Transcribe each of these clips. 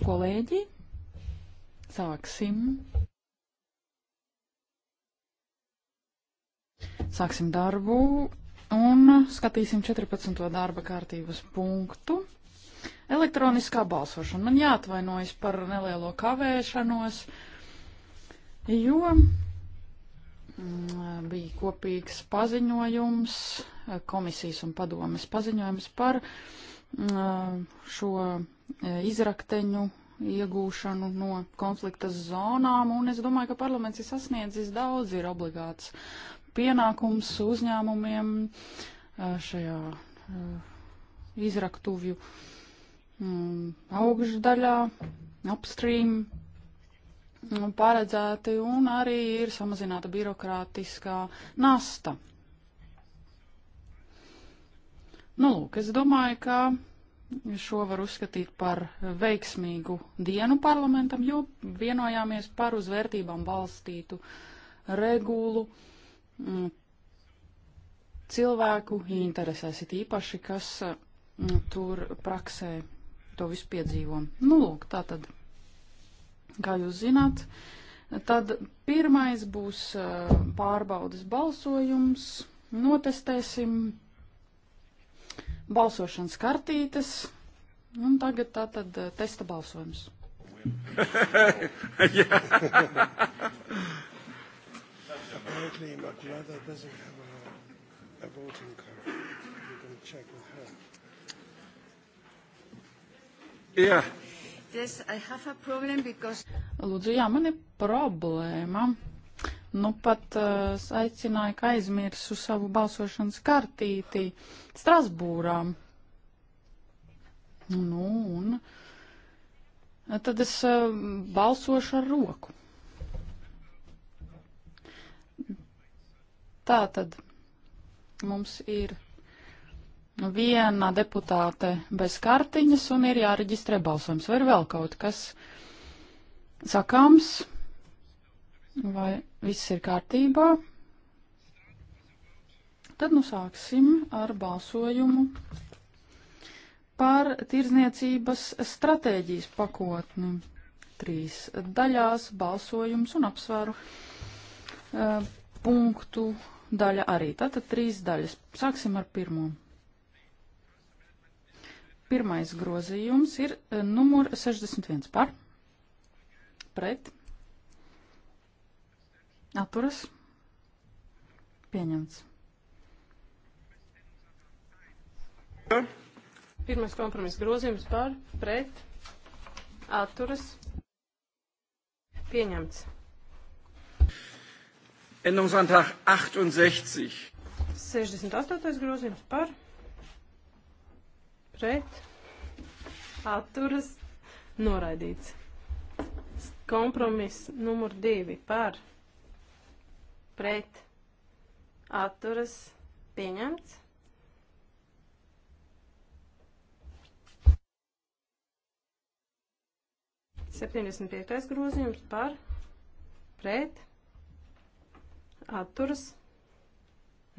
Kolēģi, sāksim. Sāksim darbu un skatīsim 14. darba kārtības punktu. Elektroniskā balsošana. Man jāatvainojas par nelielo kavēšanos, jo mm, bija kopīgs paziņojums, komisijas un padomes paziņojums par mm, šo izrakteņu iegūšanu no konflikta zonām, un es domāju, ka parlaments ir sasniedzis daudz, ir obligāts pienākums uzņēmumiem šajā izraktuvju mm, augšdaļā, upstream mm, paredzēti, un arī ir samazināta birokrātiskā nasta. Nu, lūk, es domāju, ka Šo var uzskatīt par veiksmīgu dienu parlamentam, jo vienojāmies par uz vērtībām balstītu regulu mm, cilvēku interesēs, it īpaši, kas mm, tur praksē to visu piedzīvo. Nu, lūk, tā tad, kā jūs zināt, tad pirmais būs pārbaudas balsojums, notestēsim balsošanas kartītes. Un tagad tā tad eh, testa balsojums. Apparently, Maculada doesn't have a, a voting card. You can check with her. Yeah. Yes, I have a problem because... Lūdzu, jā, man ir problēma. Nu, pat es uh, aicināju, ka aizmirsu savu balsošanas kartīti Strasbūrā. Nu, un tad es uh, balsošu ar roku. Tā tad mums ir viena deputāte bez kartiņas un ir jāreģistrē balsojums. Vai ir vēl kaut kas sakāms? Vai viss ir kārtībā? Tad nu sāksim ar balsojumu par tirzniecības stratēģijas pakotni. Trīs daļās balsojums un apsvaru uh, punktu daļa arī. Tātad trīs daļas. Sāksim ar pirmo. Pirmais grozījums ir numur 61 par, pret, Atturas. Pieņemts. Pirmais kompromiss grozījums par, pret, atturas, pieņemts. Änderungsantrag 68. 68. grozījums par, pret, atturas, noraidīts. Kompromiss numur 2 par, pret pret atturas pieņemts. Septiņdesmit piektais grozījums par pret atturas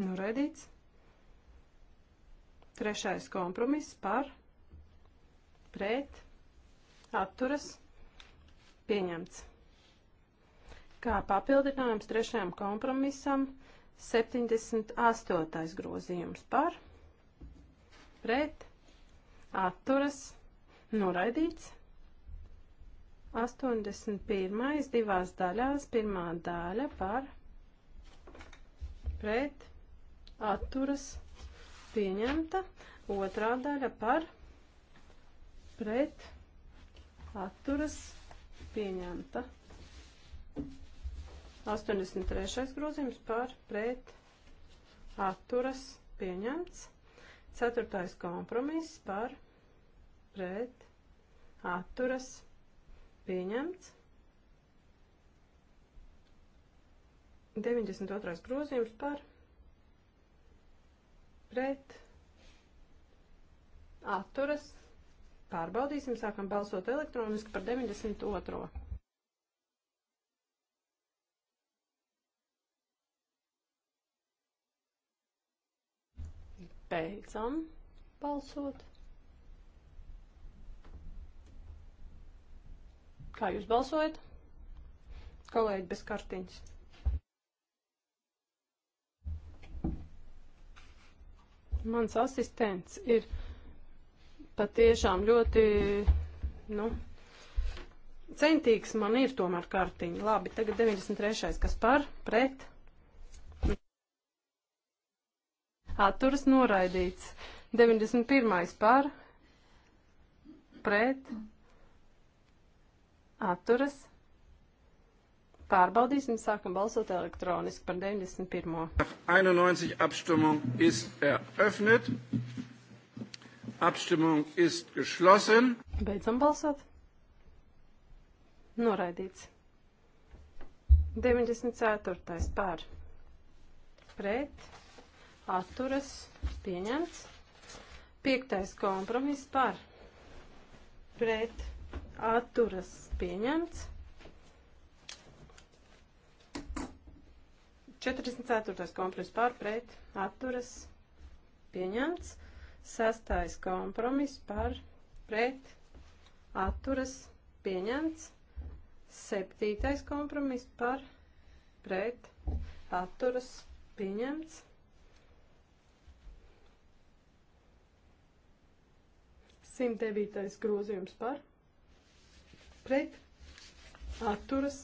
noraidīts. Trešais kompromiss par pret atturas pieņemts kā papildinājums trešajam kompromisam 78. grozījums par, pret, atturas, noraidīts. 81. divās daļās, pirmā daļa par, pret, atturas, pieņemta, otrā daļa par, pret, atturas, pieņemta. 83. grozījums par pret atturas pieņemts. 4. kompromiss par pret atturas pieņemts. 92. grozījums par pret atturas pārbaudīsim, sākam balsot elektroniski par 92. Beidzam balsot. Kā jūs balsojat? Kolēģi bez kartiņas. Mans asistents ir patiešām ļoti, nu, centīgs man ir tomēr kartiņa. Labi, tagad 93. kas par, pret, atturas noraidīts. 91. par, pret, atturas. Pārbaudīsim, sākam balsot elektroniski par 91. 91 Abstimmung ist eröffnet. Abstimmung ist geschlossen. Beidzam balsot. Noraidīts. 94. pār. Pret atturas pieņemts. Piektais kompromiss par pret atturas pieņemts. 44. kompromiss par pret atturas pieņemts. Sastais kompromiss par pret atturas pieņemts. Septītais kompromiss par pret atturas pieņemts. 109. grozījums par pret atturas.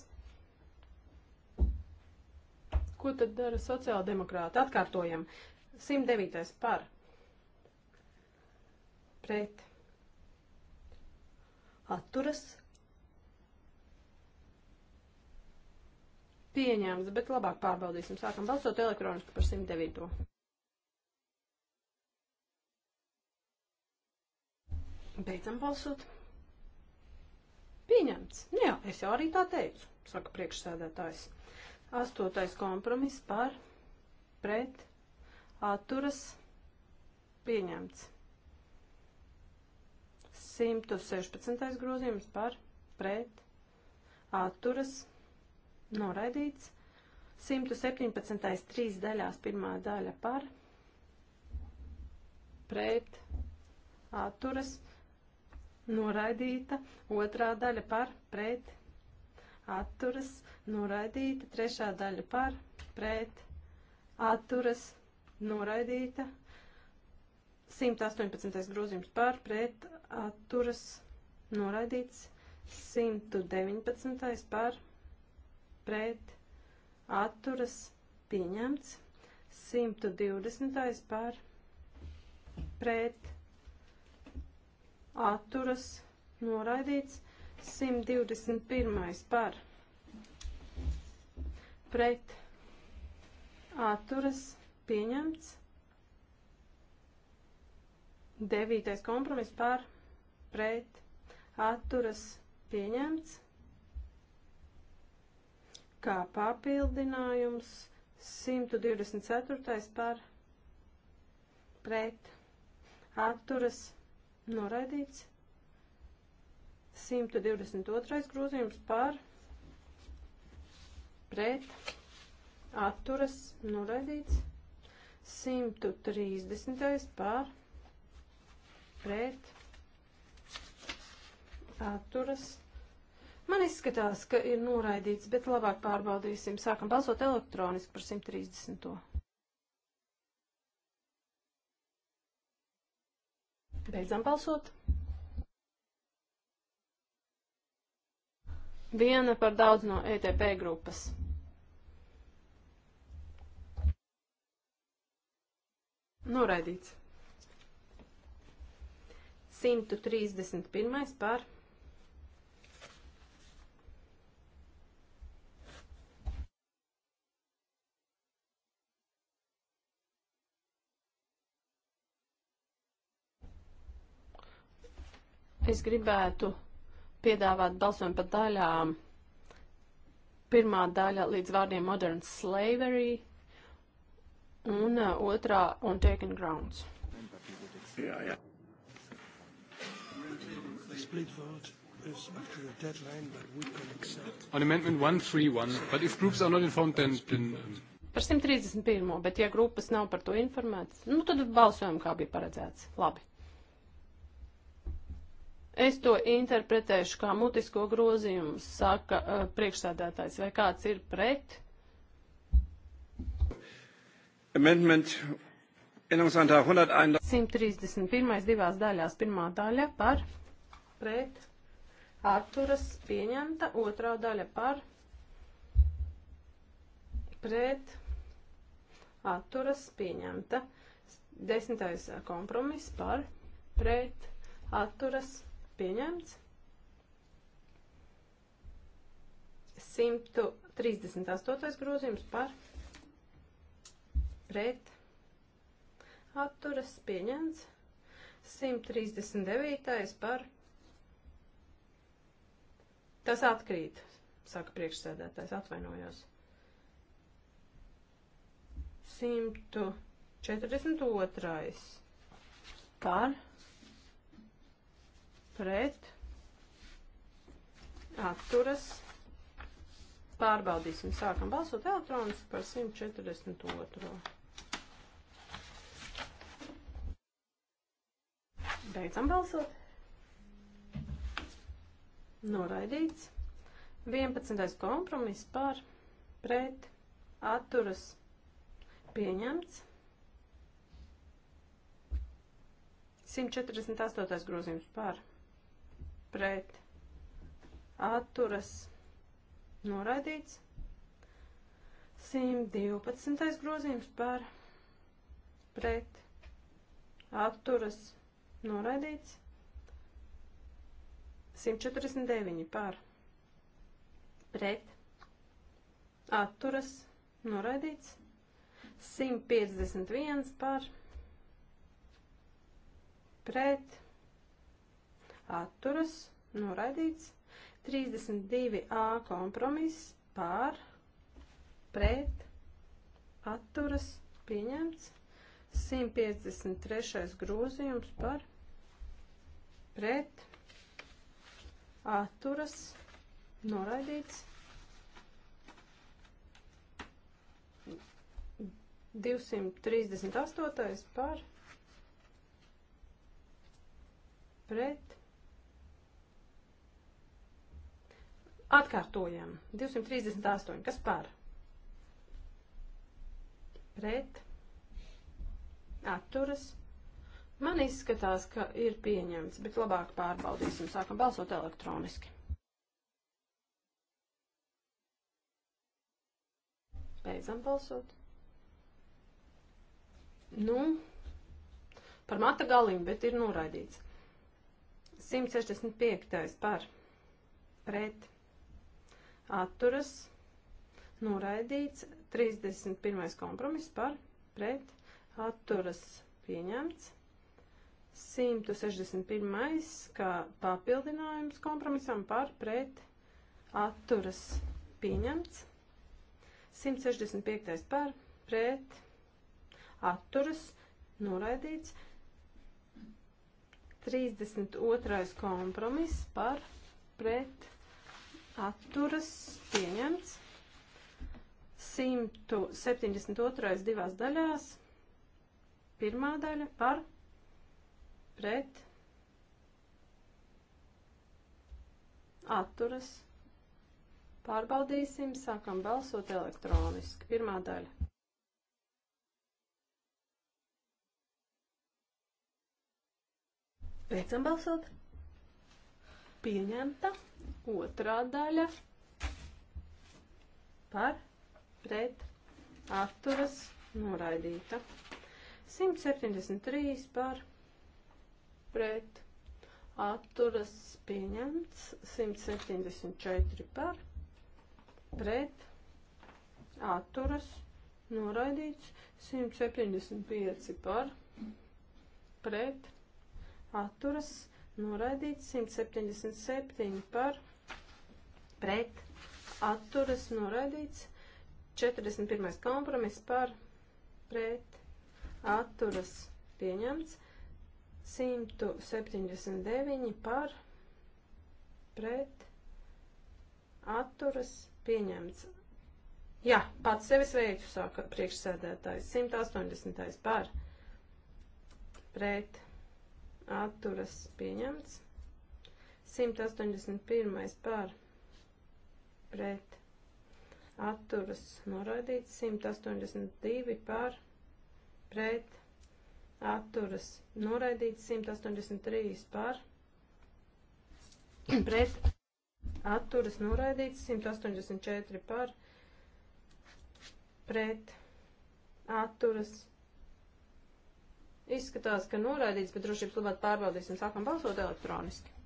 Ko tad dara sociāldemokrāti? Atkārtojam. 109. par pret atturas. Pieņēmums, bet labāk pārbaudīsim. Sākam balsot elektroniski par 109. Beidzam balsot. Pieņemts. Nu jā, es jau arī tā teicu, saka priekšsēdētājs. Astotais kompromiss par, pret, atturas, pieņemts. 116. grozījums par, pret, atturas, noraidīts. 117. trīs daļās pirmā daļa par, pret, atturas, pieņemts noraidīta, otrā daļa par pret atturas, noraidīta, trešā daļa par pret atturas, noraidīta, 118. grozījums par pret atturas, noraidīts, 119. par pret atturas, pieņemts, 120. par pret atturas, atturas noraidīts. 121. par pret atturas pieņemts. 9. kompromiss par pret atturas pieņemts. Kā papildinājums 124. par pret atturas pieņemts noraidīts. 122. grozījums par pret atturas noraidīts. 130. par pret atturas. Man izskatās, ka ir noraidīts, bet labāk pārbaudīsim. Sākam balsot elektroniski par 130. Beidzam balsot. Viena par daudz no ETP grupas. Noraidīts. 131. par Es gribētu piedāvāt balsojumu par daļām. Pirmā daļa līdz vārdiem modern slavery un uh, otrā on taken grounds. Jā, jā. Split vote is actually a deadline, but we can accept. On amendment 131, but if groups are not informed, then... then um... Par 131, bet ja grupas nav par to informētas, nu tad balsojam, kā bija paredzēts. Labi. Es to interpretēšu kā mutisko grozījumu, saka uh, eh, priekšsādātājs. Vai kāds ir pret? Amendment 131. divās daļās. Pirmā daļa par pret. Atturas pieņemta. Otrā daļa par pret. Atturas pieņemta. Desmitais eh, kompromiss par pret. Atturas pieņemta pieņemts. 138. grozījums par pret atturas pieņemts. 139. par tas atkrīt, saka priekšsēdētājs, atvainojos. 142. par pret, atturas. Pārbaudīsim, sākam balsot elektronis par 142. Beidzam balsot. Noraidīts. 11. kompromiss par pret atturas pieņemts. 148. grozījums par pret pret atturas noraidīts. 112. grozījums par pret atturas noraidīts. 149 par pret atturas noraidīts. 151 par pret atturas, noraidīts. 32a kompromiss pār, pret, atturas, pieņemts. 153. grozījums par pret atturas noraidīts 238. par pret Atkārtojam. 238. Kas par? Pret. Atturas. Man izskatās, ka ir pieņemts, bet labāk pārbaudīsim. Sākam balsot elektroniski. Beidzam balsot. Nu, par mata galim, bet ir noraidīts. 165. par pret atturas noraidīts. 31. kompromiss par pret atturas pieņemts. 161. kā papildinājums kompromisam par pret atturas pieņemts. 165. par pret atturas noraidīts. 32. kompromiss par pret atturas atturas pieņemts. 172. divās daļās. Pirmā daļa par pret atturas. Pārbaudīsim, sākam balsot elektroniski. Pirmā daļa. Beidzam balsot. Pieņemta. Otrā daļa par pret atturas noraidīta. 173 par pret atturas pieņemts. 174 par pret atturas noraidīts. 175 par pret atturas noraidīts. 177 par pret pret atturas noraidīts. 41. kompromiss par pret atturas pieņemts. 179 par pret atturas pieņemts. Jā, pats sevi sveicu, saka priekšsēdētājs. 180. par pret atturas pieņemts. 181. par pret pret atturas noraidīts 182 par pret atturas noraidīts 183 par pret atturas noraidīts 184 par pret atturas izskatās, ka noraidīts, bet drošības labāk pārbaudīsim sākam balsot elektroniski.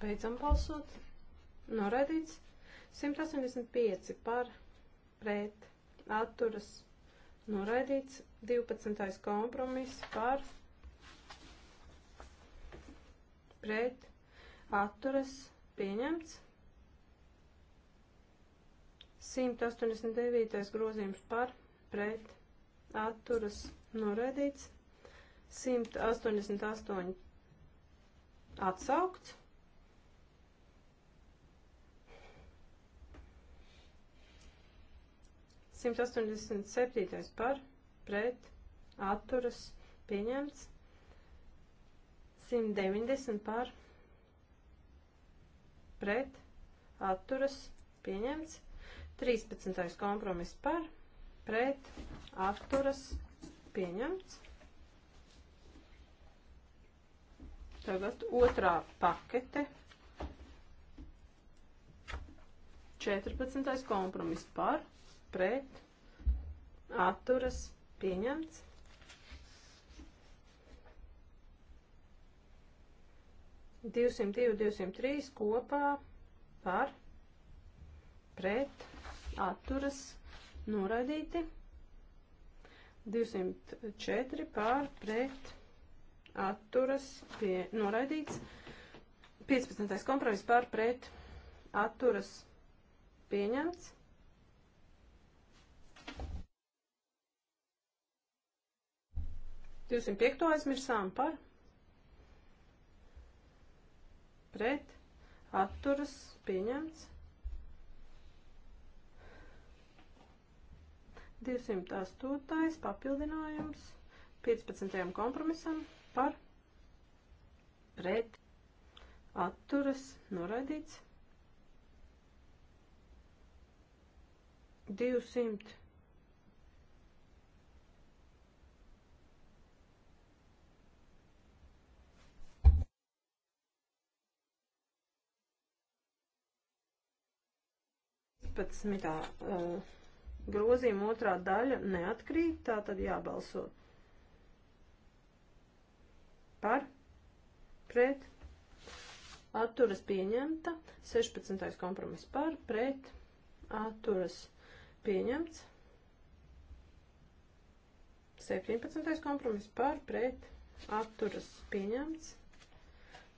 Beidzam balsot. Noraidīts. 185 par pret atturas. Noraidīts. 12. kompromiss par pret atturas. Pieņemts. 189. grozījums par pret atturas noraidīts, 188 atsaukts, 187. par pret atturas pieņemts. 190 par pret atturas pieņemts. 13. kompromiss par pret atturas pieņemts. Tagad otrā pakete. 14. kompromiss par pret pret, atturas, pieņemts. Divsimt divi, divsimt trīs kopā par, pret, atturas, noraidīti. 204 pār pret atturas pie noraidīts. 15. kompromiss pār pret atturas pieņemts. 205. aizmirsām par pret atturas pieņemts. 208. papildinājums 15. kompromisam par pret atturas noraidīts. 200. 15. grozījuma otrā daļa neatkrīt, tā tad jābalso par, pret, atturas pieņemta, 16. kompromiss par, pret, atturas pieņemts, 17. kompromiss par, pret, atturas pieņemts,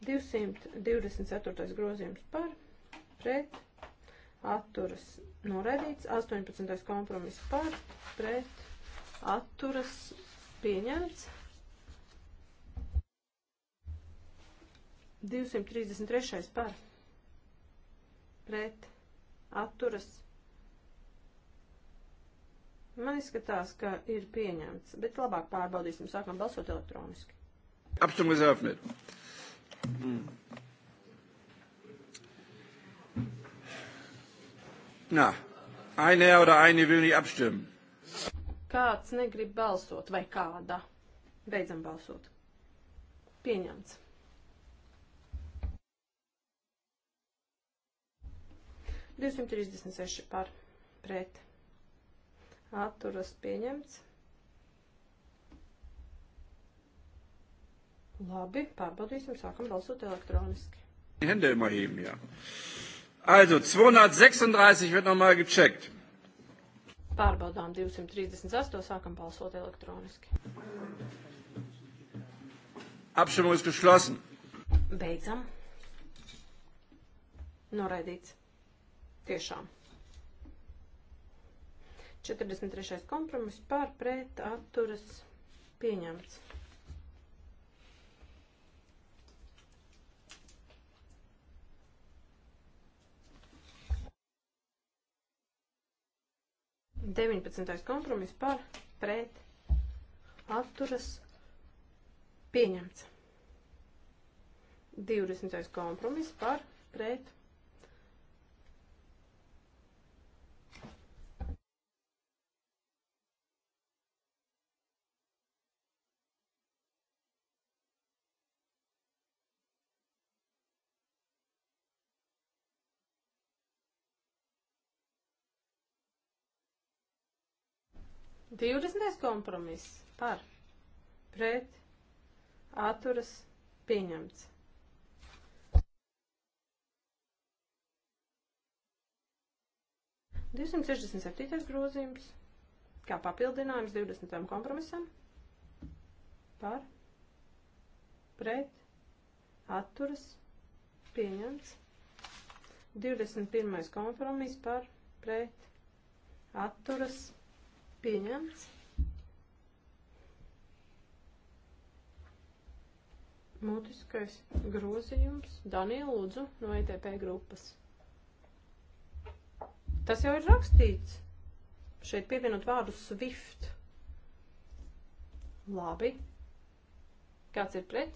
224. grozījums par, pret, atturas noraidīts, 18. kompromiss par, pret, atturas pieņemts, 233. par, pret, atturas. Man izskatās, ka ir pieņemts, bet labāk pārbaudīsim, sākam balsot elektroniski. Apstumgas öffnet. Mm. Hm. Na, eine oder eine will nicht abstimmen. Kāds negrib balsot vai kāda? Beidzam balsot. Pieņemts. Divsimt trīsdesmit seši par pret. Atturas pieņemts. Labi, pārbaudīsim, sākam balsot elektroniski. Hände immer heben, jā. Ja. Also 236 wird nochmal gecheckt. Pārbaudām 238, sākam balsot elektroniski. Abstimmung ist geschlossen. Beidzam. Noraidīts. Tiešām. 43. kompromiss pār pret atturas pieņemts. 19. kompromiss par pret atturas pieņemts. 20. kompromiss par pret 20. kompromiss par pret atturas pieņemts. Divsimt sešdesmit septītais grozījums, kā papildinājums 20. kompromisam, par, pret, atturas, pieņemts. 21. kompromis par, pret, atturas, pieņemts Pieņemts. Mutiskais grozījums. Daniela Lūdzu no ETP grupas. Tas jau ir rakstīts. Šeit pievienot vārdu Swift. Labi. Kāds ir pret?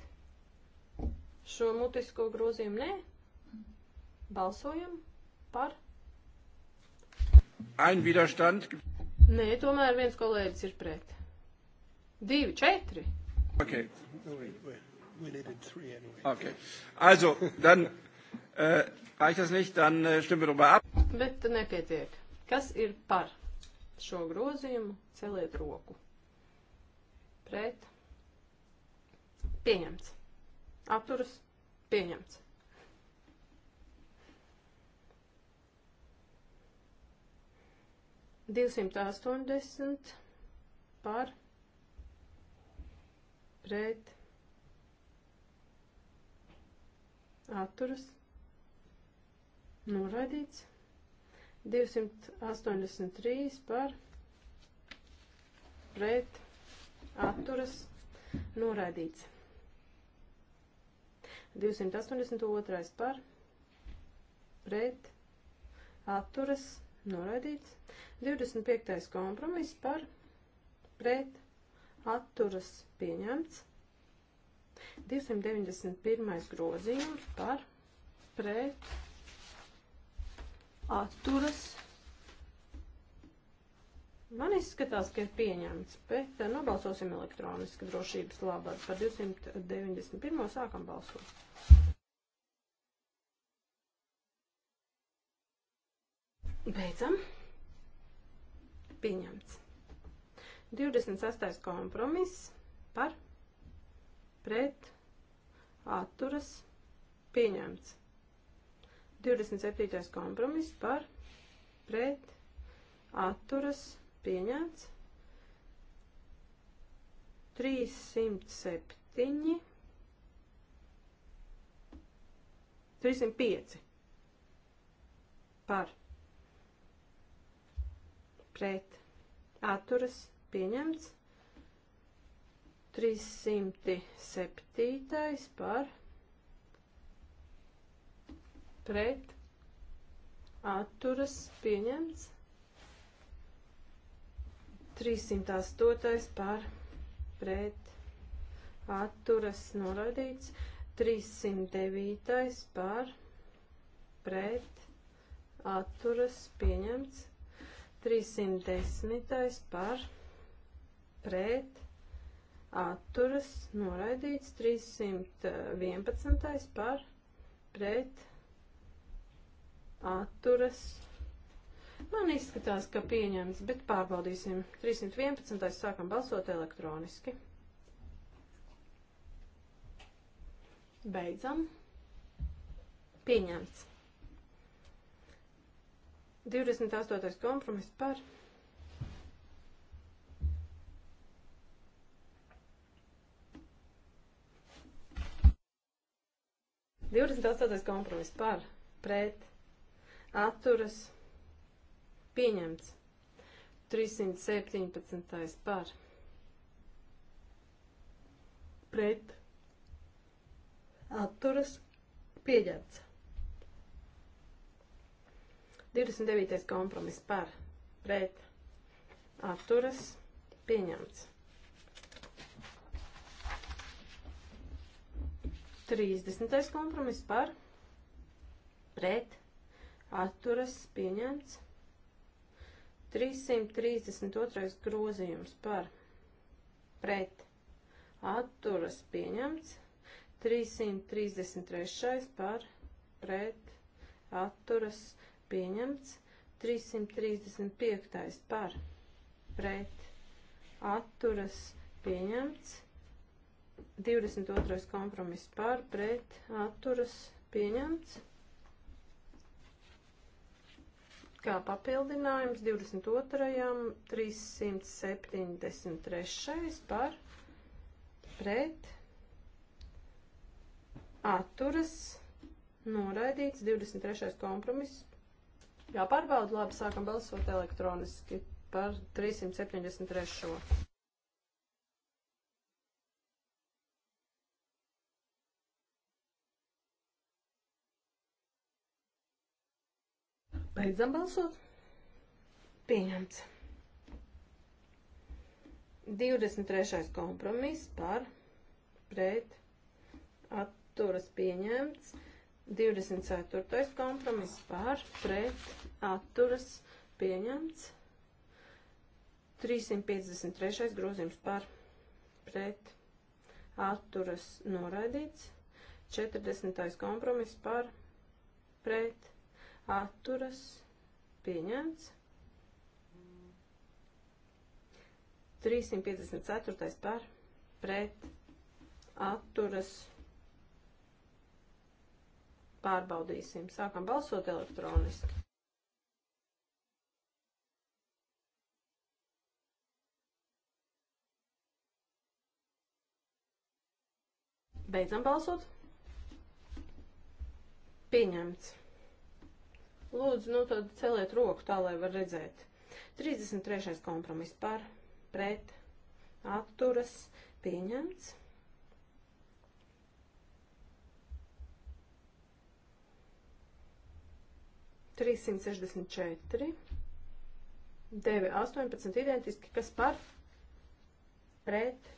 Šo mutisko grozījumu nē. Balsojam par. Ein Widerstand. Nē, tomēr viens kolēģis ir pret. Divi, četri. Okay. No, we, we needed three anyway. Okay. Also, dann äh, reicht das nicht, dann äh, stimmen wir darüber ab. Bet nepietiek. Kas ir par šo grozījumu? Celiet roku. Pret. Pieņemts. Atturas. Pieņemts. 280 par pret atturas noraidīts. 283 par pret atturas noraidīts. 282 par pret atturas noraidīts noraidīts. 25. kompromiss par pret atturas pieņemts. 291. grozījums par pret atturas. Man izskatās, ka ir pieņemts, bet eh, nobalsosim elektroniski drošības labāk. Par 291. sākam balsot. Beidzam. Pieņemts. 26. kompromiss par pret atturas pieņemts. 27. kompromiss par pret atturas pieņemts. 307 305 par pret atturas pieņemts. 307. par pret atturas pieņemts. 308. par pret atturas noraidīts. 309. par pret atturas pieņemts. 310. par pret atturas noraidīts. 311. par pret atturas. Man izskatās, ka pieņemts, bet pārbaudīsim. 311. sākam balsot elektroniski. Beidzam. Pieņemts. 28. kompromiss par Divdesmit astotais kompromiss par, pret, atturas, pieņemts. 317. par, pret, atturas, pieņemts. 29. kompromiss par pret atturas pieņemts. 30. kompromiss par pret atturas pieņemts. 332. grozījums par pret atturas pieņemts. 333. par pret atturas pieņemts pieņemts. 335. par pret atturas pieņemts. 22. kompromiss par pret atturas pieņemts. Kā papildinājums 22. 373. par pret atturas noraidīts 23. kompromiss Jāpārbauda, labi, sākam balsot elektroniski par 373. Beidzam balsot. Pieņemts. 23. kompromiss par pret atturas pieņemts. 24. kompromiss par, pret, atturas, pieņemts. 353. grozījums par, pret, atturas, noraidīts. 40. kompromiss par, pret, atturas, pieņemts. 354. par, pret, atturas, noraidīts. Pārbaudīsim. Sākam balsot elektroniski. Beidzam balsot. Pieņemts. Lūdzu, nu tad celiet roku tā, lai var redzēt. 33. kompromiss par, pret, atturas, pieņemts. 364, 9, 18 identiski, kas par pret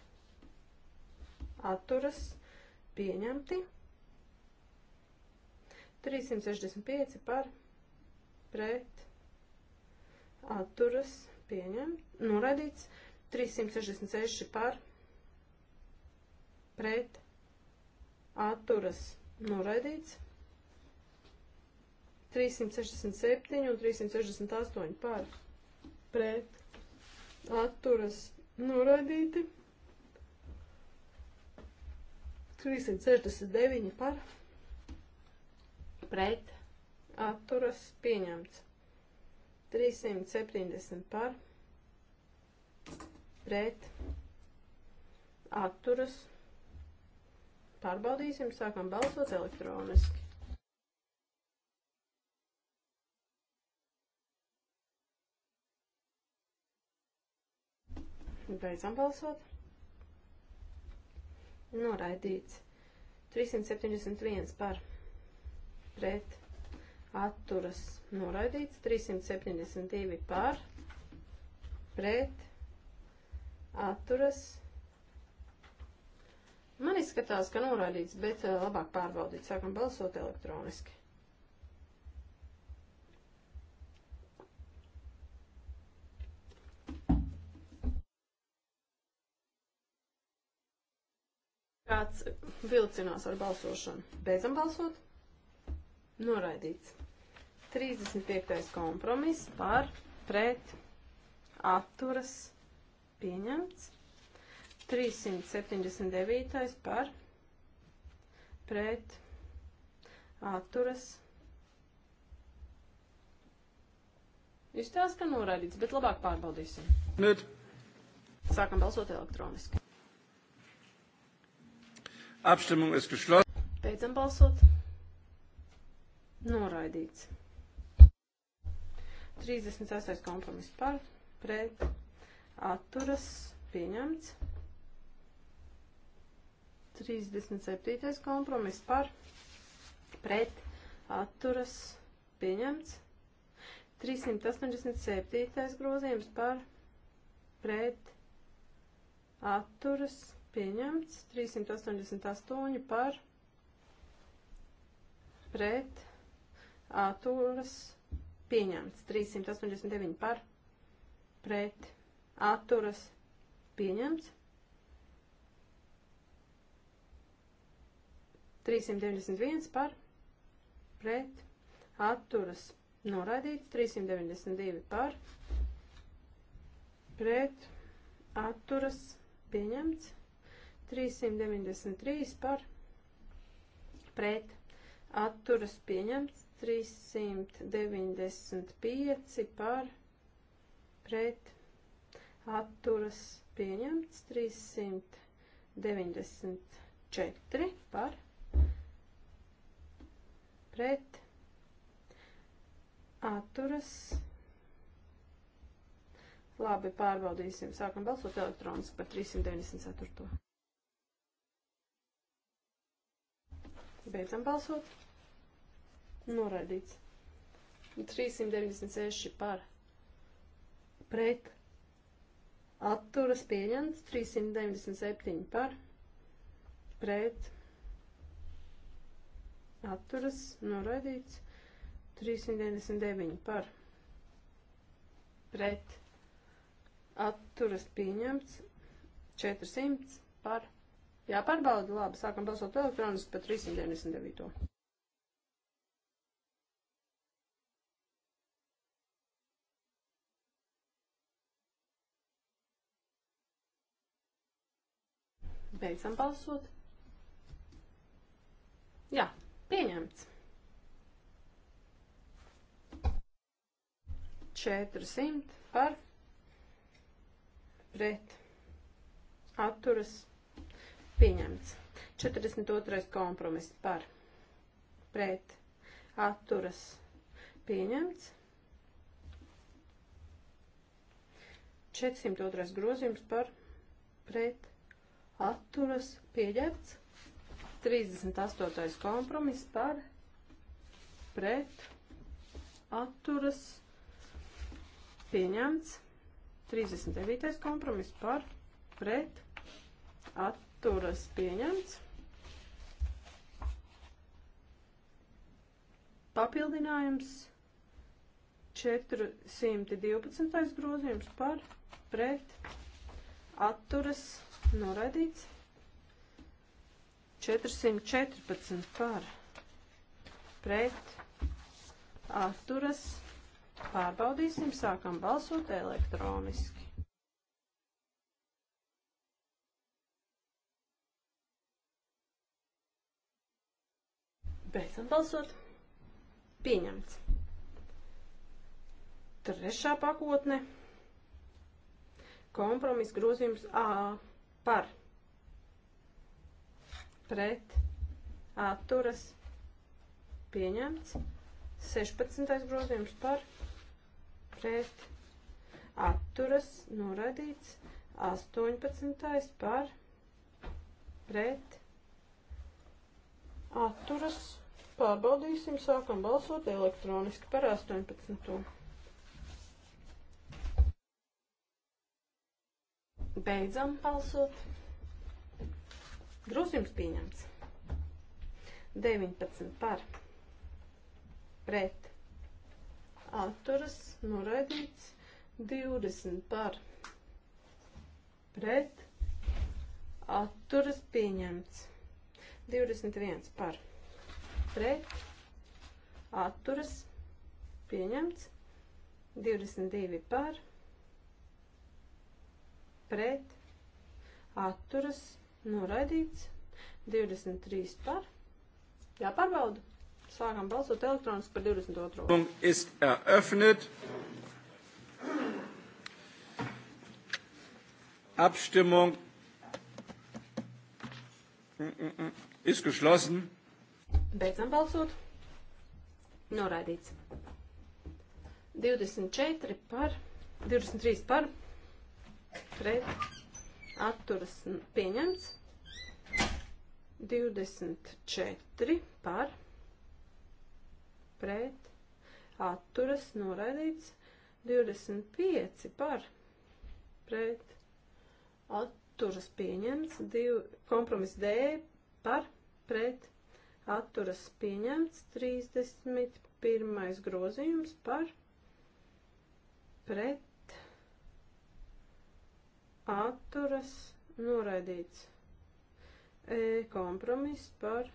atturas pieņemti, 365 par pret atturas pieņemt, noraidīts, 366 par pret atturas noraidīts, 367 un 368 par pret atturas noraidīti. 369 par pret atturas pieņemts. 370 par pret atturas pārbaudīsim, sākam balsot elektroniski. Beidzam balsot. Noraidīts. 371 par pret atturas noraidīts, 372 par pret atturas. Man izskatās, ka noraidīts, bet eh, labāk pārbaudīt. Sākam balsot elektroniski. Kāds vilcinās ar balsošanu? Beidzam balsot. Noraidīts. 35. kompromiss par pret atturas pieņemts. 379. par pret atturas pieņemts. Izstāsta, ka noraidīts, bet labāk pārbaudīsim. Nē. Sākam balsot elektroniski. Abstimmung ist geschlossen. Beidzam balsot. Noraidīts. 36. kompromiss par, pret, atturas, pieņemts. 37. kompromiss par, pret, atturas, pieņemts. 387. grozījums par, pret, atturas, pieņemts pieņemts, 388 par pret atturas pieņemts, 389 par pret atturas pieņemts, 391 par pret atturas noraidīts, 392 par pret atturas pieņemts. 393 par pret atturas pieņemts, 395 par pret atturas pieņemts, 394 par pret atturas Labi, pārbaudīsim. Sākam balsot elektroniski par 394. Beidzam balsot. Noraidīts. 396 par pret atturas pieņemts, 397 par pret atturas noraidīts, 399 par pret atturas pieņemts, 400 par Jāpārbauda, labi, sākam balsot elektroniski par 399. Beidzam balsot. Jā, pieņemts. 400 par pret atturas 3 pieņemts. 42. kompromiss par pret atturas pieņemts. 402. grozījums par pret atturas pieņemts. 38. kompromiss par pret atturas pieņemts. 39. kompromiss par pret atturas atturas pieņemts. Papildinājums 412. grozījums par pret atturas noraidīts. 414 par pret atturas pārbaudīsim, sākam balsot elektroniski. Beidzam balsot. Pieņemts. Trešā pakotne. Kompromis grozījums A par pret atturas pieņemts. 16. grozījums par pret atturas noradīts. 18. par pret atturas pieņemts atturas Pārbaudīsim, sākam balsot elektroniski par 18. Beidzam balsot. Grozījums pieņemts. 19 par pret atturas noraidīts. 20 par pret atturas pieņemts. 21 par pret pret, atturas, pieņemts. 22 par, pret, atturas, noraidīts. 23 par. Jāpārbauda. Sākam balsot elektroniski par 22. Ist eröffnet. Abstimmung mm, mm, mm, ist geschlossen. Beidzam balsot. Noraidīts. 24 par, 23 par, pret, atturas pieņemts. 24 par, pret, atturas noraidīts. 25 par, pret, atturas pieņemts. Div, kompromis D par, pret, atturas atturas pieņemts 31. grozījums par pret atturas noraidīts e kompromiss par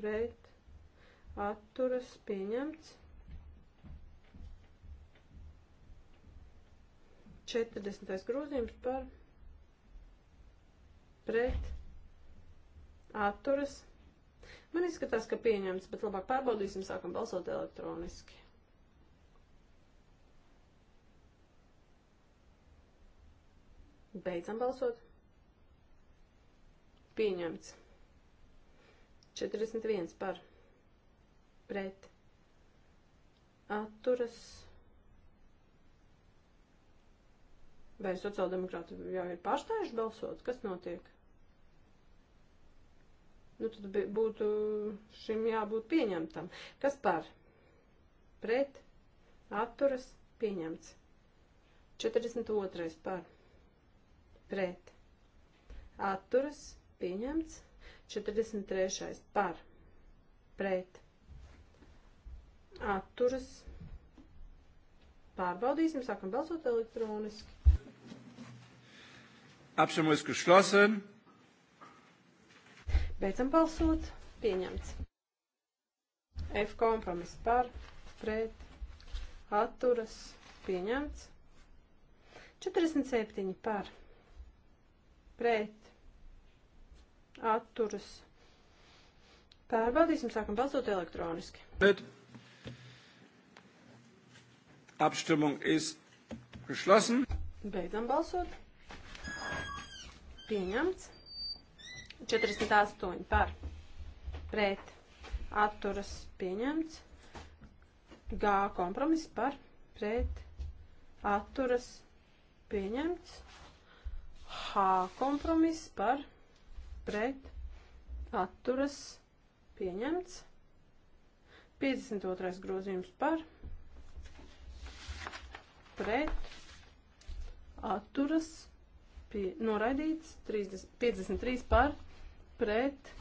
pret atturas pieņemts 40. grozījums par pret atturas pieņemts Man izskatās, ka pieņemts, bet labāk pārbaudīsim, sākam balsot elektroniski. Beidzam balsot. Pieņemts. 41 par. Pret. Atturas. Vai sociāldemokrāti jau ir pārstājuši balsot? Kas notiek? Nu, tad būtu šim jābūt pieņemtam. Kas par? Pret, atturas, pieņemts. 42. par. Pret, atturas, pieņemts. 43. par. Pret, atturas. Pārbaudīsim, sākam balsot elektroniski. Apšamojas, kurš šlosen. Beidzam balsot. Pieņemts. F kompromiss par, pret, atturas, pieņemts. 47 par, pret, atturas. Pārbaudīsim, sākam balsot elektroniski. Bet Abstimmung ist geschlossen. Beidzam balsot. Pieņemts. 48 par pret atturas pieņemts. G kompromiss par pret atturas pieņemts. H kompromiss par pret atturas pieņemts. 52. grozījums par pret atturas pie, noraidīts 30, 53 par pret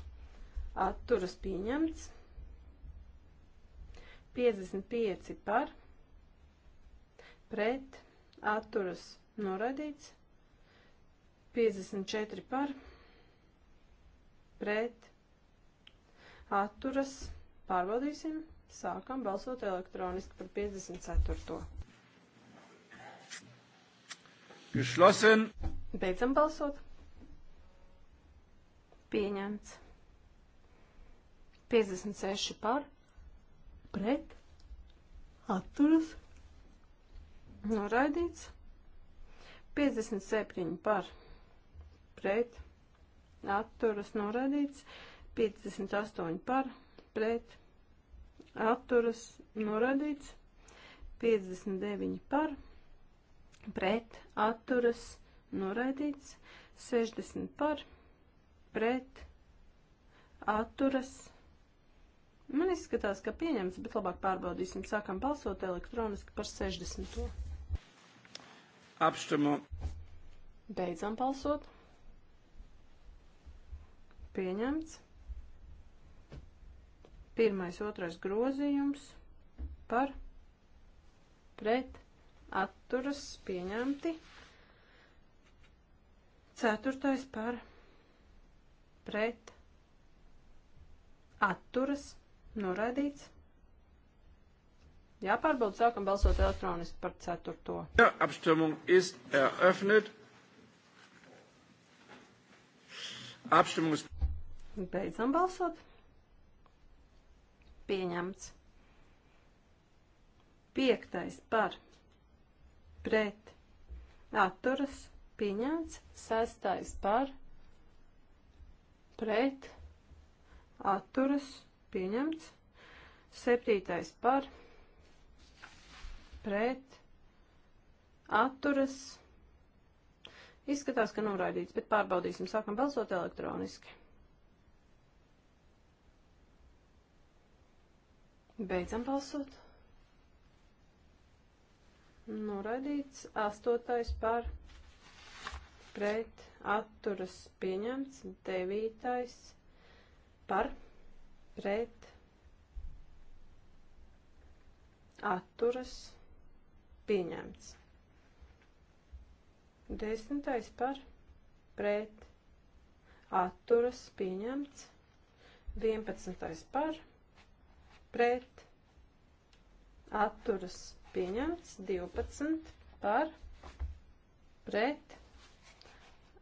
atturas pieņemts. 55 par pret atturas noradīts. 54 par pret atturas pārbaudīsim. Sākam balsot elektroniski par 54. Geschlossen. Beidzam balsot pieņemts. 56 par, pret, atturas, noraidīts. 57 par, pret, atturas, noraidīts. 58 par, pret, atturas, noraidīts. 59 par, pret, atturas, noraidīts. 60 par, pret pret, atturas. Man izskatās, ka pieņems, bet labāk pārbaudīsim. Sākam balsot elektroniski par 60. Apstumu. Beidzam balsot. Pieņemts. Pirmais, otrais grozījums par pret atturas pieņemti. Ceturtais par pret pret atturas noraidīts. Jāpārbauda, sākam balsot elektroniski par ceturto. Ja, Abstimmung ist eröffnet. Abstimmung ist. Beidzam balsot. Pieņemts. Piektais par pret atturas pieņemts. Sestais par pret pret, atturas, pieņemts. Septītais par, pret, atturas. Izskatās, ka noraidīts, bet pārbaudīsim. Sākam balsot elektroniski. Beidzam balsot. Noraidīts astotais par pret atturas pieņemts, devītais par pret atturas pieņemts. Desmitais par pret atturas pieņemts. Vienpadsmitais par pret atturas pieņemts. Divpadsmit par pret atturas pieņemts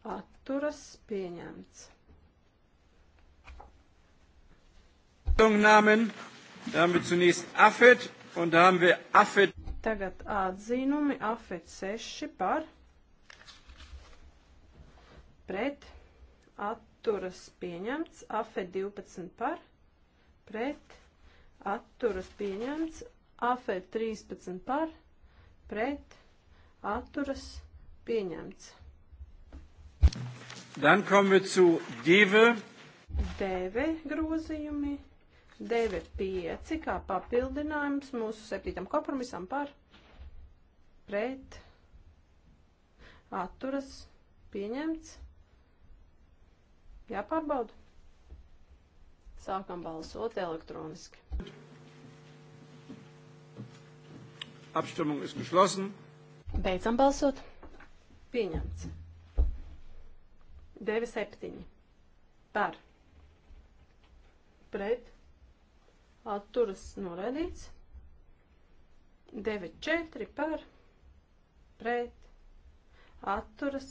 atturas pieņemts. Namen, da haben wir zunächst Affet un da haben wir Affet. Tagad atzīnumi Affet 6 par pret atturas pieņemts, Affet 12 par pret atturas pieņemts, Affet 13 par pret atturas pieņemts. Dann kommen wir zu Deve. Deve grozījumi. Deve 5 kā papildinājums mūsu septītam kompromisam par pret atturas pieņemts. Jāpārbauda. Sākam balsot elektroniski. Abstimmung ist geschlossen. Beidzam balsot. Pieņemts. 97 par pret atturas noraidīts. 94 par pret atturas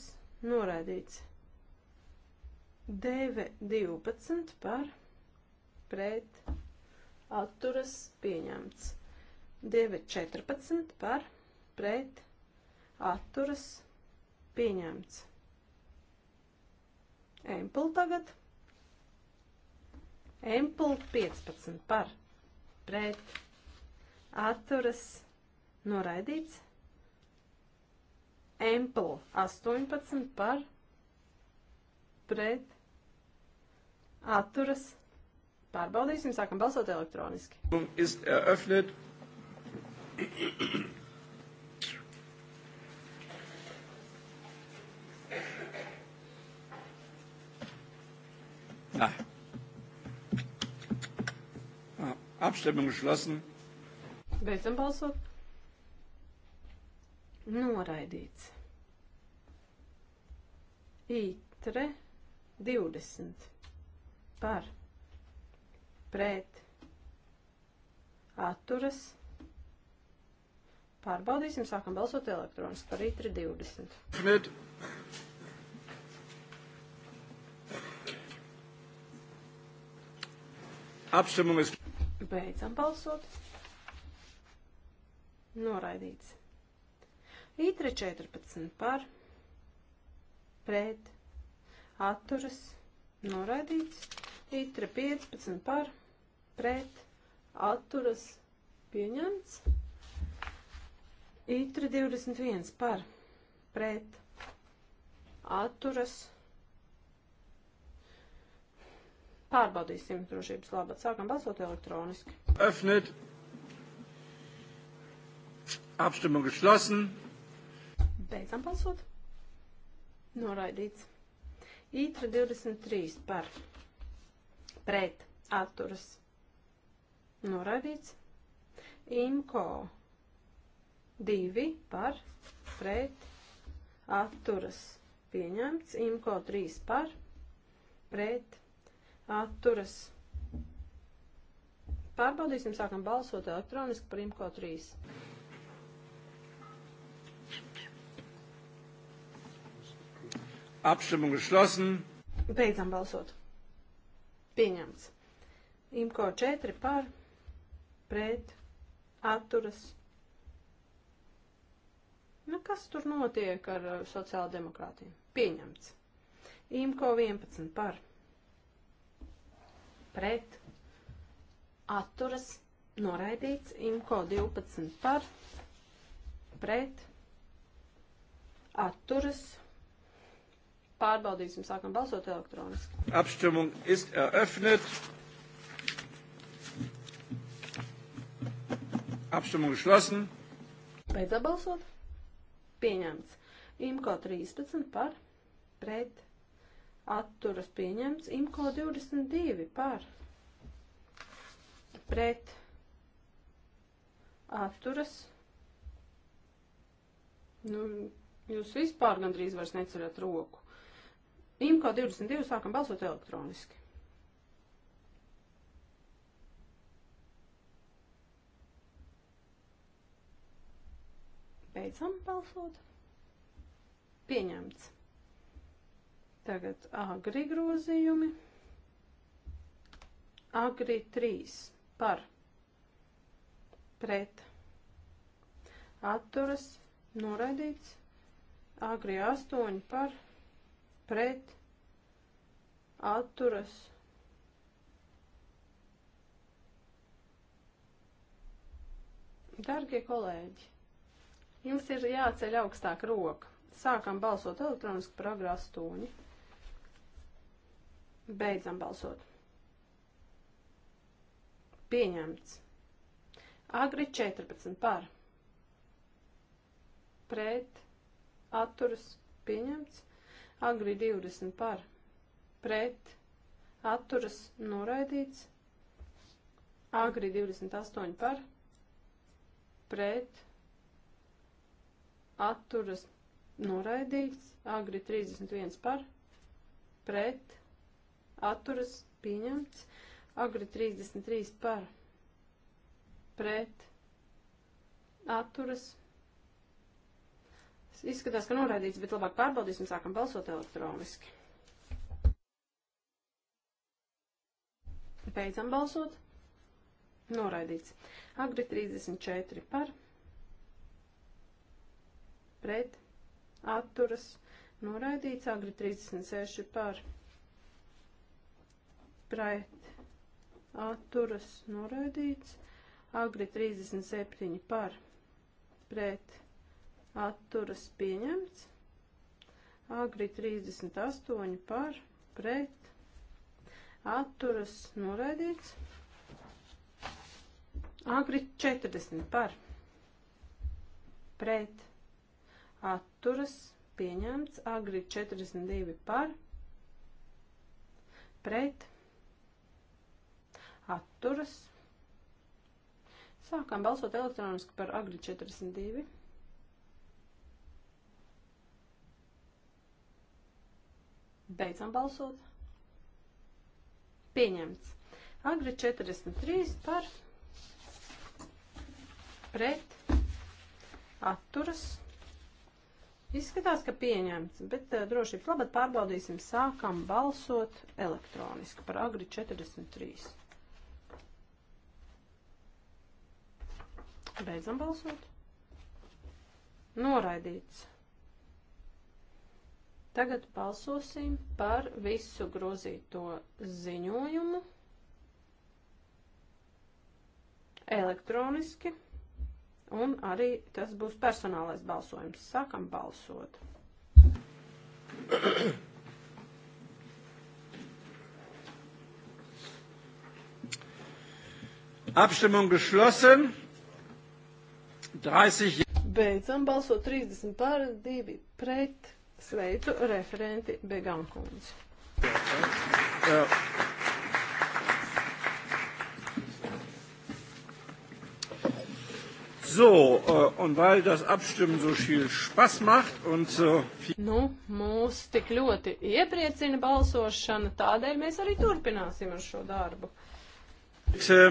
noraidīts. 912 par pret atturas pieņemts. 914 par pret atturas pieņemts. Empel tagad. Empel 15 par pret atturas noraidīts. Empel 18 par pret atturas pārbaudīsim, sākam balsot elektroniski. Ist eröffnet. Eh, Abstimmung geschlossen. Beidzam balsot. Noraidīts. Itre 20 par pret atturas. Pārbaudīsim, sākam balsot elektroniski par itri 20. Schmidt. Abstimmung ist Beidzam balsot. Noraidīts. Itre 14 par, pret, atturas, noraidīts. Itre 15 par, pret, atturas, pieņemts. Itre 21 par, pret, atturas, pieņemts Pārbaudīsim drošības labā. Sākam balsot elektroniski. Öffnet. Abstimmung geschlossen. Beidzam balsot. Noraidīts. Ītra 23 par. Pret. Atturas. Noraidīts. Imko 2 par. Pret. Atturas. Pieņemts. Imko 3 par. Pret atturas. Pārbaudīsim, sākam balsot elektroniski par IMCO 3. Abstimmung geschlossen. Beidzam balsot. Pieņemts. IMCO 4 par, pret, atturas. Nu, kas tur notiek ar eh, sociāldemokrātiem? Pieņemts. IMCO 11 par pret atturas noraidīts, imko 12 par pret atturas. Pārbaudīsim, sākam balsot elektroniski. Abstimmung ist eröffnet. Abstimmung geschlossen. Beidzot balsot. Pieņemts. Imko 13 par pret atturas atturas pieņemts, imko 22 par, pret, atturas, nu, jūs vispār gandrīz vairs neceļat roku. Imko 22 sākam balsot elektroniski. Beidzam balsot. Pieņemts. Tagad agri grozījumi. Agri 3 par pret atturas noraidīts. Agri 8 par pret atturas Dargie kolēģi, jums ir jāceļ augstāk roka. Sākam balsot elektroniski par agrā stūņu. Beidzam balsot. Pieņemts. Agri 14 par. Pret. Atturas. Pieņemts. Agri 20 par. Pret. Atturas. Noraidīts. Agri 28 par. Pret. Atturas. Noraidīts. Agri 31 par. Pret atturas pieņemts. Agri 33 par pret atturas. Izskatās, ka noraidīts, bet labāk pārbaudīsim, sākam balsot elektroniski. Beidzam balsot. Noraidīts. Agri 34 par pret atturas. Noraidīts agri 36 par pret pret atturas noraidīts, agri 37 par pret atturas pieņemts, agri 38 par pret atturas noraidīts, agri 40 par pret atturas pieņemts, agri 42 par pret atturas. Sākam balsot elektroniski par agri 42. Beidzam balsot. Pieņemts. Agri 43 par pret atturas. Izskatās, ka pieņemts, bet eh, drošības labad pārbaudīsim. Sākam balsot elektroniski par agri 43. Beidzam balsot. Noraidīts. Tagad balsosim par visu grozīto ziņojumu elektroniski, un arī tas būs personālais balsojums. Sākam balsot. Abstimmung geschlossen. 30. Beidzam balsot 30 par, 2 pret. Sveicu referenti Begankundzi. So, äh, un weil das Abstimmen so viel Spaß macht un so äh, viel... Nu, mūs tik ļoti iepriecina balsošana, tādēļ mēs arī turpināsim ar šo darbu. Äh,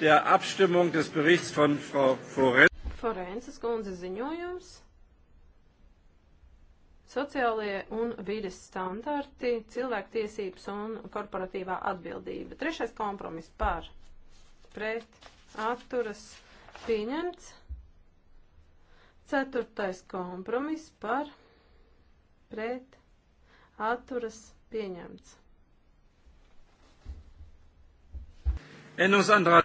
der Abstimmung des Berichts von Frau Forel. Forenses kundze ziņojums. Sociālie un vides standarti, cilvēktiesības un korporatīvā atbildība. Trešais kompromiss par, pret, atturas, pieņemts. Ceturtais kompromiss par, pret, atturas, pieņemts. Änderungsantrag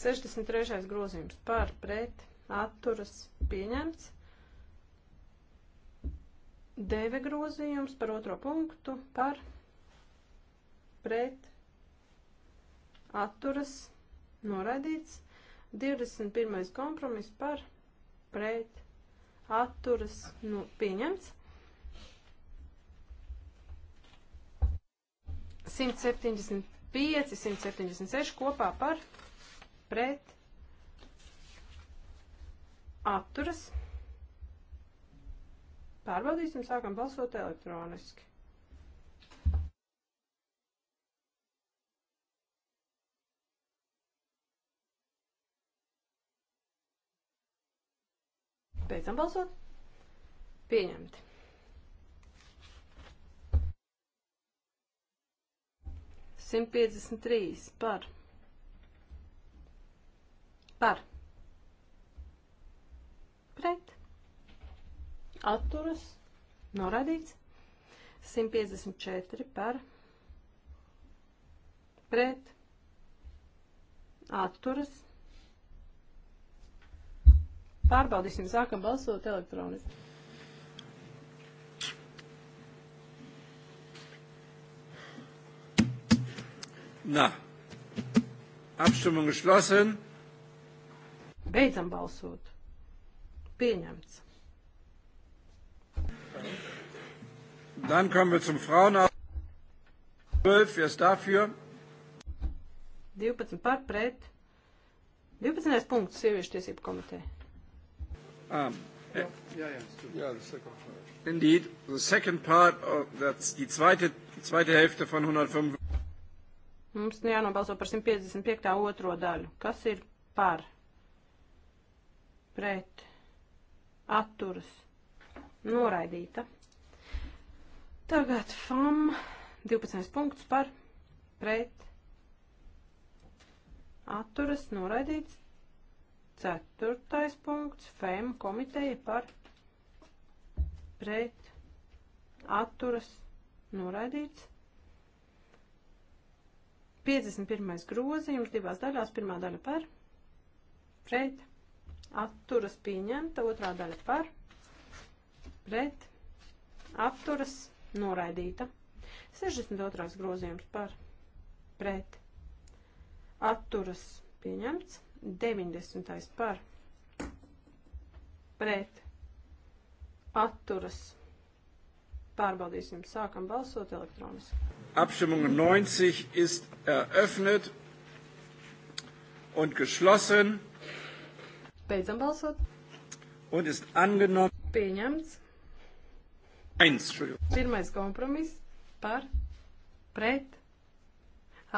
63. grozījums par, pret, atturas pieņemts. Deve grozījums par otro punktu par pret atturas noraidīts. 21. kompromiss par pret atturas nu, pieņemts. 175, 176 kopā par pret atturas. Pārbaudīsim, sākam balsot elektroniski. Beidzam balsot. Pieņemti. Simt piecdesmit trīs par. Par pret, atturas, noradīts, 154 par, pret, atturas, pārbaudīsim, sākam balsot elektroniski. Na, Abstimmung geschlossen. Beidzam balsot. Pieņemts. Dann kommen wir zum Frauenausschuss. 12, wer ist dafür? 12 par pret. 12. punkts sieviešu tiesību komiteja. Um, eh, yeah, yeah, yeah, indeed, the second part, of, that's die zweite, die zweite Hälfte von 105. Mums nu jānobalso par 155. otro daļu. Kas ir par? Pret atturas noraidīta. Tagad FAM 12. punkts par pret atturas noraidīts. Ceturtais punkts FEM komiteja par pret atturas noraidīts. 51. grozījums divās daļās, pirmā daļa par pret atturas atturas pieņemta, otrā daļa par, pret, atturas noraidīta. 62. grozījums par, pret, atturas pieņemts, 90. par, pret, atturas pārbaudīsim, sākam balsot elektroniski. Abstimmung 90 ist eröffnet und geschlossen. Beidzam balsot. Un es angenom. Pieņemts. Eins, Pirmais kompromiss par, pret,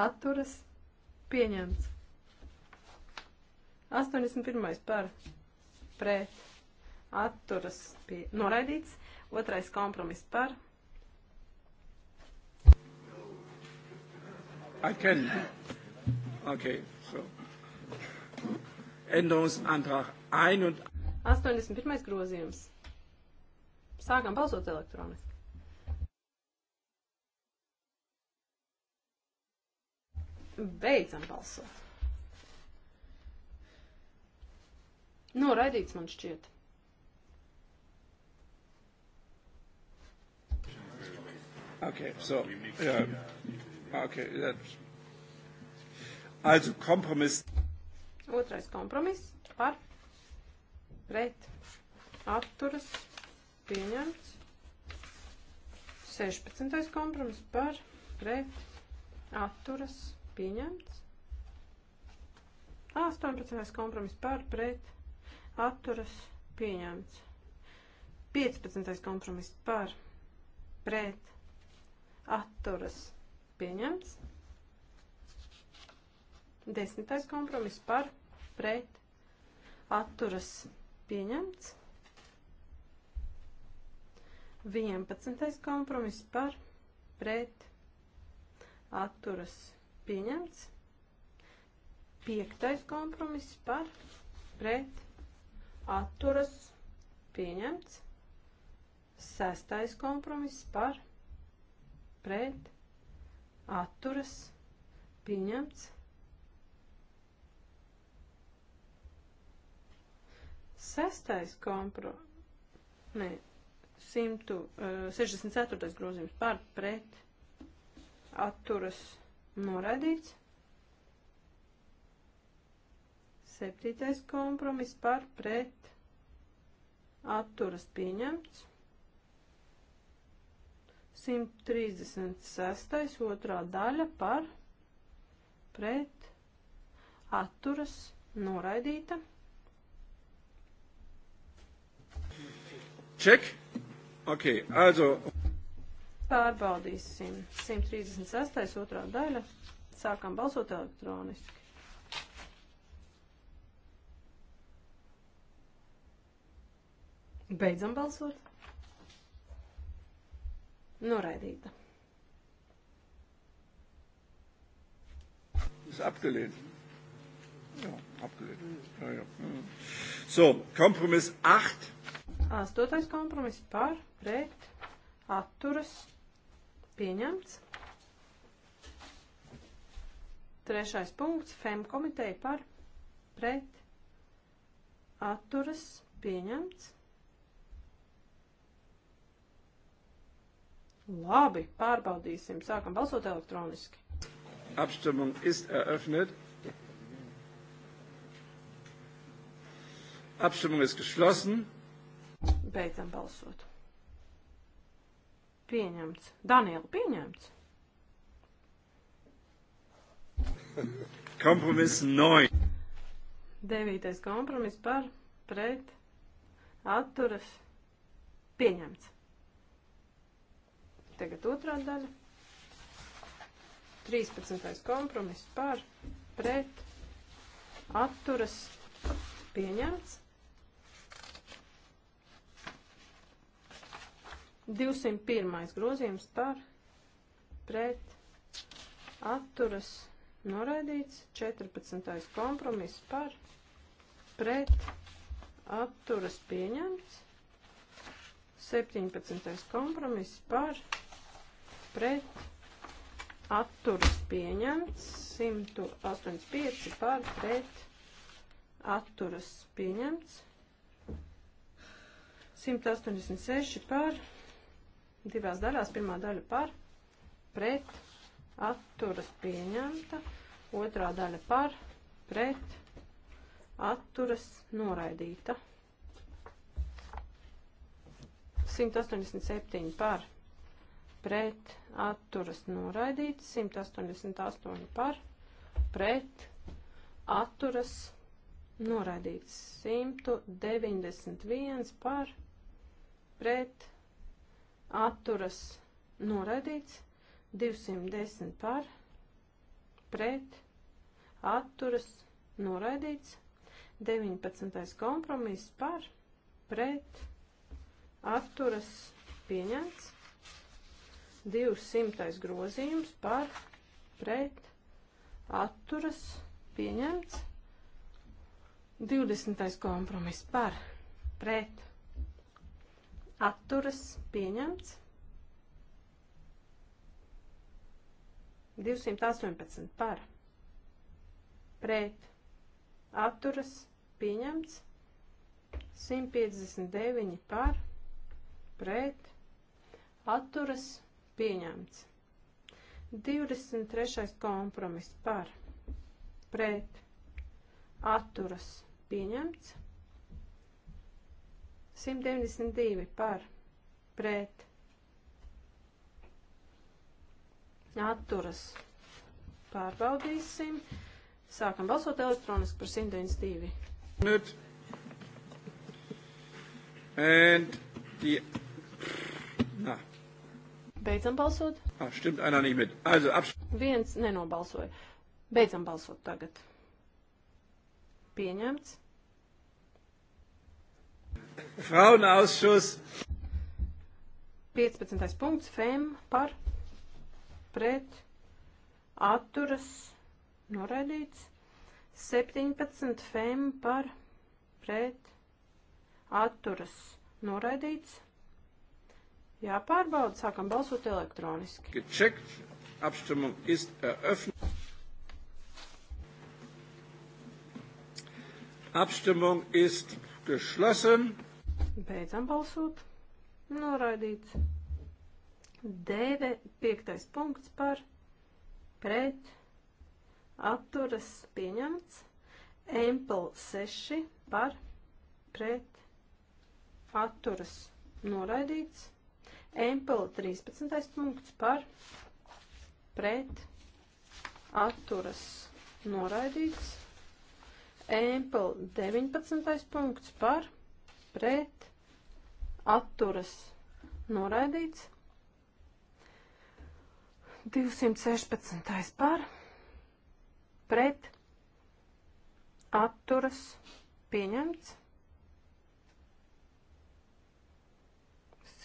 atturas, pieņemts. 81. par, pret, atturas, pie, noraidīts. Otrais kompromiss par. I can. Okay, so. Änderungsantrag 81. 81. grozījums. Sākam balsot elektroniski. Beidzam balsot. Noraidīts man šķiet. Okay, so, yeah. Okay, that's... Also, Kompromiss. Otrais kompromiss par pret atturas pieņemts. 16. kompromiss par pret atturas pieņemts. 18. kompromiss par pret atturas pieņemts. 15. kompromiss par pret atturas pieņemts. Desmitais kompromiss par pret atturas pieņemts. 11. kompromiss par pret atturas pieņemts. 5. kompromiss par pret atturas pieņemts. 6. kompromiss par pret atturas pieņemts. Sestais kompro... Nē, 164. Eh, grozījums par pret atturas noraidīts. Septītais kompromis par pret atturas pieņemts. 136. otrā daļa par pret atturas noraidīta. Check. Okay, also. Pārbaudīsim. 136. otrā daļa. Sākam balsot elektroniski. Beidzam balsot. Noraidīta. Ist abgelehnt. Ja, abgelehnt. Ja, ja. So, Kompromiss 8. Astotais kompromiss par, pret, atturas, pieņemts. Trešais punkts - FEM komiteja par, pret, atturas, pieņemts. Labi, pārbaudīsim. Sākam balsot elektroniski. Abstimmung ist eröffnet. Abstimmung ist geschlossen. Beidzam balsot. Pieņemts. Daniela, pieņemts. Kompromiss 9. Devītais kompromiss par, pret, atturas, pieņemts. Tagad otrā daļa. 13. kompromiss par, pret, atturas, pieņemts. 201. grozījums par pret atturas noraidīts, 14. kompromiss par pret atturas pieņemts, 17. kompromiss par pret atturas pieņemts, 185 par pret atturas pieņemts, 186 par pret divās daļās. Pirmā daļa par, pret, atturas pieņemta. Otrā daļa par, pret, atturas noraidīta. 187 par, pret, atturas noraidīta. 188 par, pret, atturas noraidīts. 191 par, pret, atturas noraidīta atturas noraidīts, 210 par, pret, atturas noraidīts, 19. kompromiss par, pret, atturas pieņemts, 200. grozījums par, pret, atturas pieņemts, 20. kompromiss par, pret, atturas pieņemts. 218 par pret atturas pieņemts. 159 par pret atturas pieņemts. 23. kompromiss par pret atturas pieņemts. 192 par pret atturas pārbaudīsim. Sākam balsot elektroniski par 192. Minute. And die... Na. Ah. Beidzam balsot. Ah, stimmt einer nicht mit. Also, abs... Viens nenobalsoja. Beidzam balsot tagad. Pieņemts. Frauenausschuss. 15. punkts FEM par pret atturas noraidīts. 17 FEM par pret atturas noraidīts. Jāpārbauda, sākam balsot elektroniski. Gecheckt, apstumung ist eröffnet. Abstimmung ist geschlossen. Beidzam balsot. Noraidīts. 9. piektais punkts par pret atturas pieņemts. Empel 6 par pret atturas noraidīts. Empel 13. punkts par pret atturas noraidīts. Empel 19. punkts par pret atturas noraidīts. 216. par pret atturas pieņemts.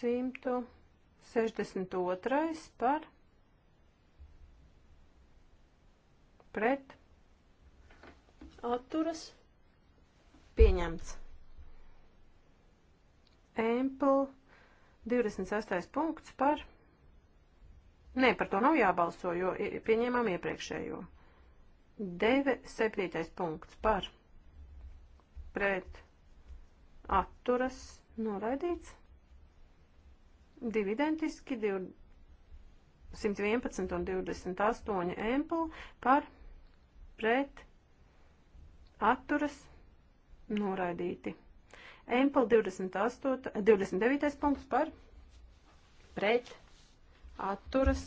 162. par pret atturas pieņemts. Ample 26. punkts par. Nē, par to nav jābalso, jo pieņēmām iepriekšējo. 9. 7. punkts par. Pret. Atturas. Noraidīts. Divi identiski. 111 un 28 ample par. Pret atturas noraidīti. Empel 28, 29. punkts par pret atturas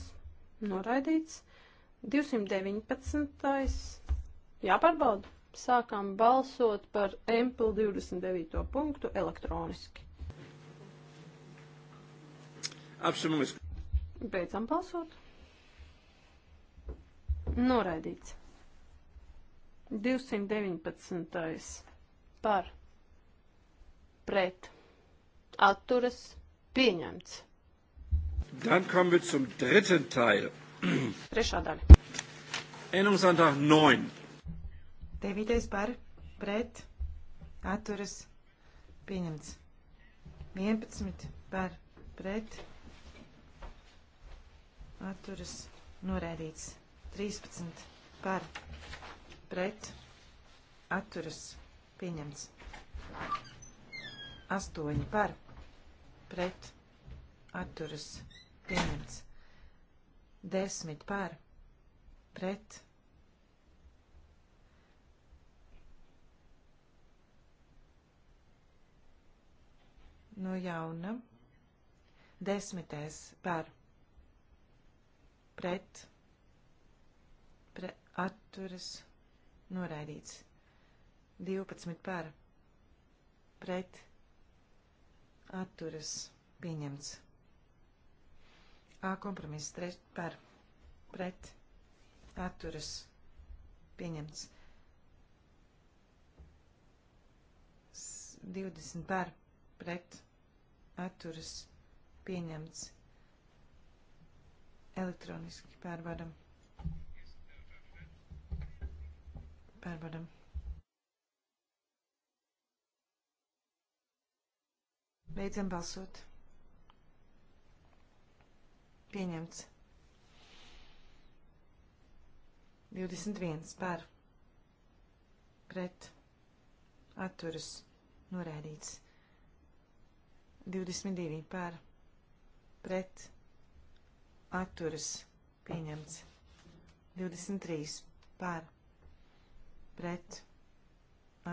noraidīts. 219. jāpārbauda. Sākām balsot par Empel 29. punktu elektroniski. Apsimums. Beidzam balsot. Noraidīts. 219. par pret atturas pieņemts. Dann kommen wir zum dritten Teil. Trešā daļa. Änderungsantrag 9. Devītais par pret atturas pieņemts. 11 par pret atturas norēdīts. 13 par pret pret atturas pieņemts. 8 par pret atturas pieņemts. 10 par pret no nu, jauna. Desmitais par pret, pret atturas noraidīts. 12 par, pret, atturas, pieņemts. A kompromiss 3 par, pret, atturas, pieņemts. 20 par, pret, atturas, pieņemts. Elektroniski pārvadam. Pārbaudam. Beidzam balsot. Pieņemts. 21 par pret atturas norēdīts. 22 par pret atturas pieņemts. 23 par pret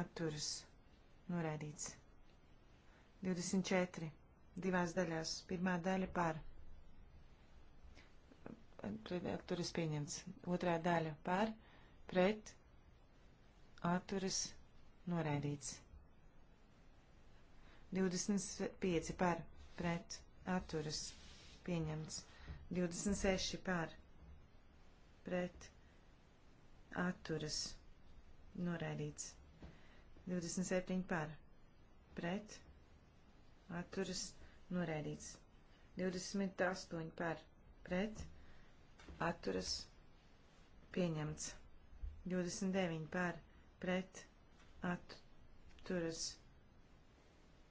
atturas noraidīts. 24. Divās daļās. Pirmā daļa par. Pret atturas pieņemts. Otrā daļa par. Pret atturas noraidīts. 25 par. Pret atturas pieņemts. 26 par. Pret atturas noraidīts atturas Noraidīts. 27 par. Pret. Atturas. Noraidīts. 28 par. Pret. Atturas. Pieņemts. 29 par. Pret. Atturas.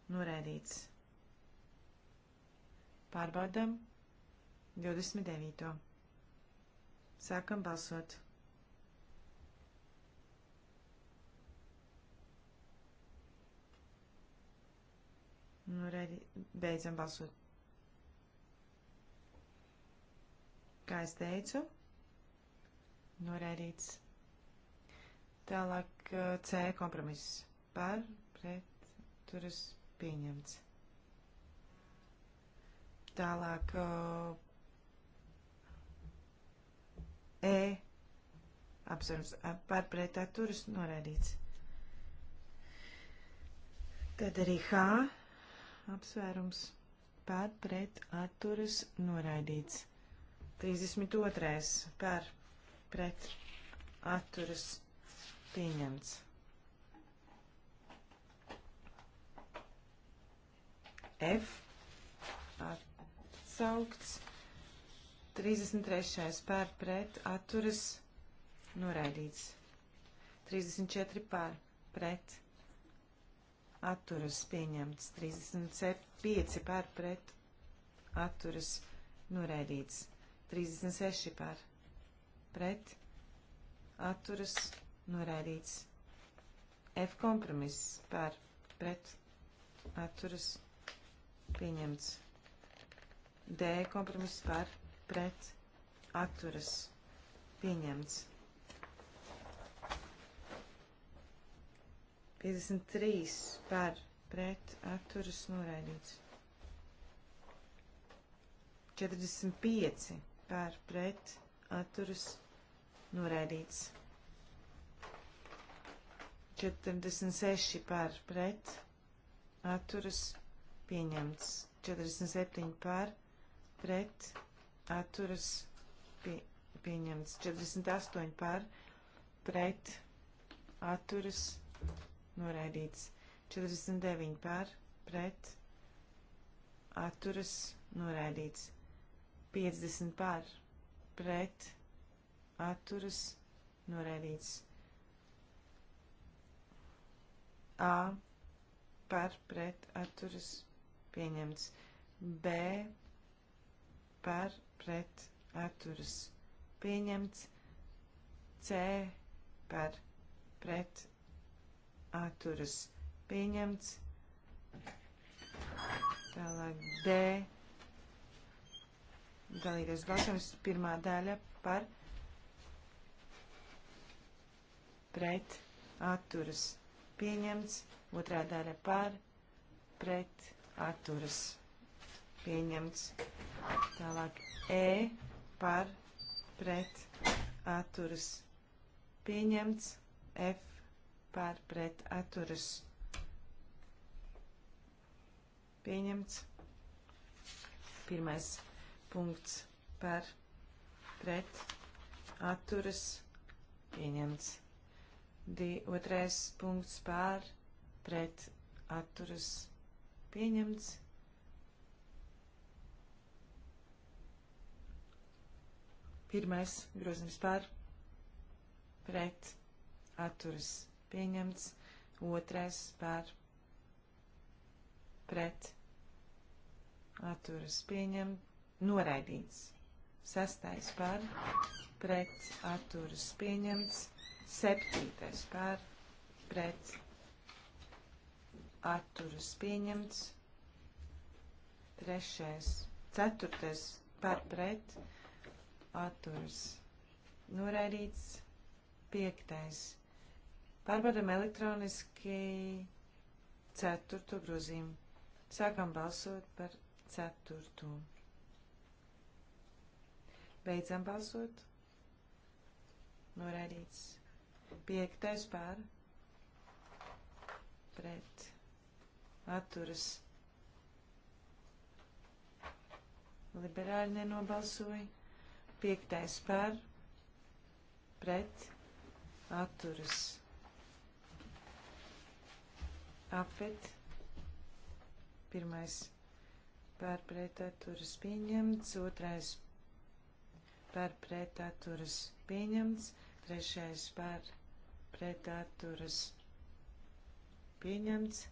Noraidīts. Pārbaudam. 29. Sākam balsot. Nu, redzi, beidzam balsot. Kā es teicu, noraidīts. Tālāk uh, C kompromiss par, pret, turas pieņemts. Tālāk uh, E apsvērums par, pret, turas noraidīts. Tad arī H apsvērums par pret atturas noraidīts. 32. par pret atturas pieņemts. F atsaukts. 33. par pret atturas noraidīts. 34. par pret atturas pieņemts, 35 par pret atturas noraidīts, 36 par pret atturas noraidīts, F kompromiss par pret atturas pieņemts, D kompromiss par pret atturas pieņemts. 53 par pret atturas noraidīts. 45 par pret atturas noraidīts. 46 par pret atturas pieņemts. 47 par pret atturas pie, pieņemts. 48 par pret atturas pieņemts noraidīts. 49 par, pret, atturas, noraidīts. 50 par, pret, atturas, noraidīts. A par, pret, atturas, pieņemts. B par, pret, atturas, pieņemts. C par, pret, atturas pieņemts. Tālāk D. Galīgais balsojums pirmā daļa par pret atturas pieņemts, otrā daļa par pret atturas pieņemts. Tālāk E par pret atturas pieņemts, F pār pret atturas pieņemts. Pirmais punkts par pret atturas pieņemts. Di, otrais punkts par pret atturas pieņemts. Pirmais grozījums par pret atturas pieņemts pieņemts, otrais par pret atturas pieņem, noraidīts, sastais par pret atturas pieņemts, septītais par pret atturas pieņemts, trešais, ceturtais par pret atturas noraidīts, piektais par Pārbaudam elektroniski ceturto grozījumu. Sākam balsot par ceturto. Beidzam balsot. Norādīts. Piektais pār. Pret. Atturas. Liberāļi nenobalsoja. Piektais pār. Pret. Atturas Apvet. Pirmais pārpretaturas pieņemts. Otrais pārpretaturas pieņemts. Trešais pārpretaturas pieņemts.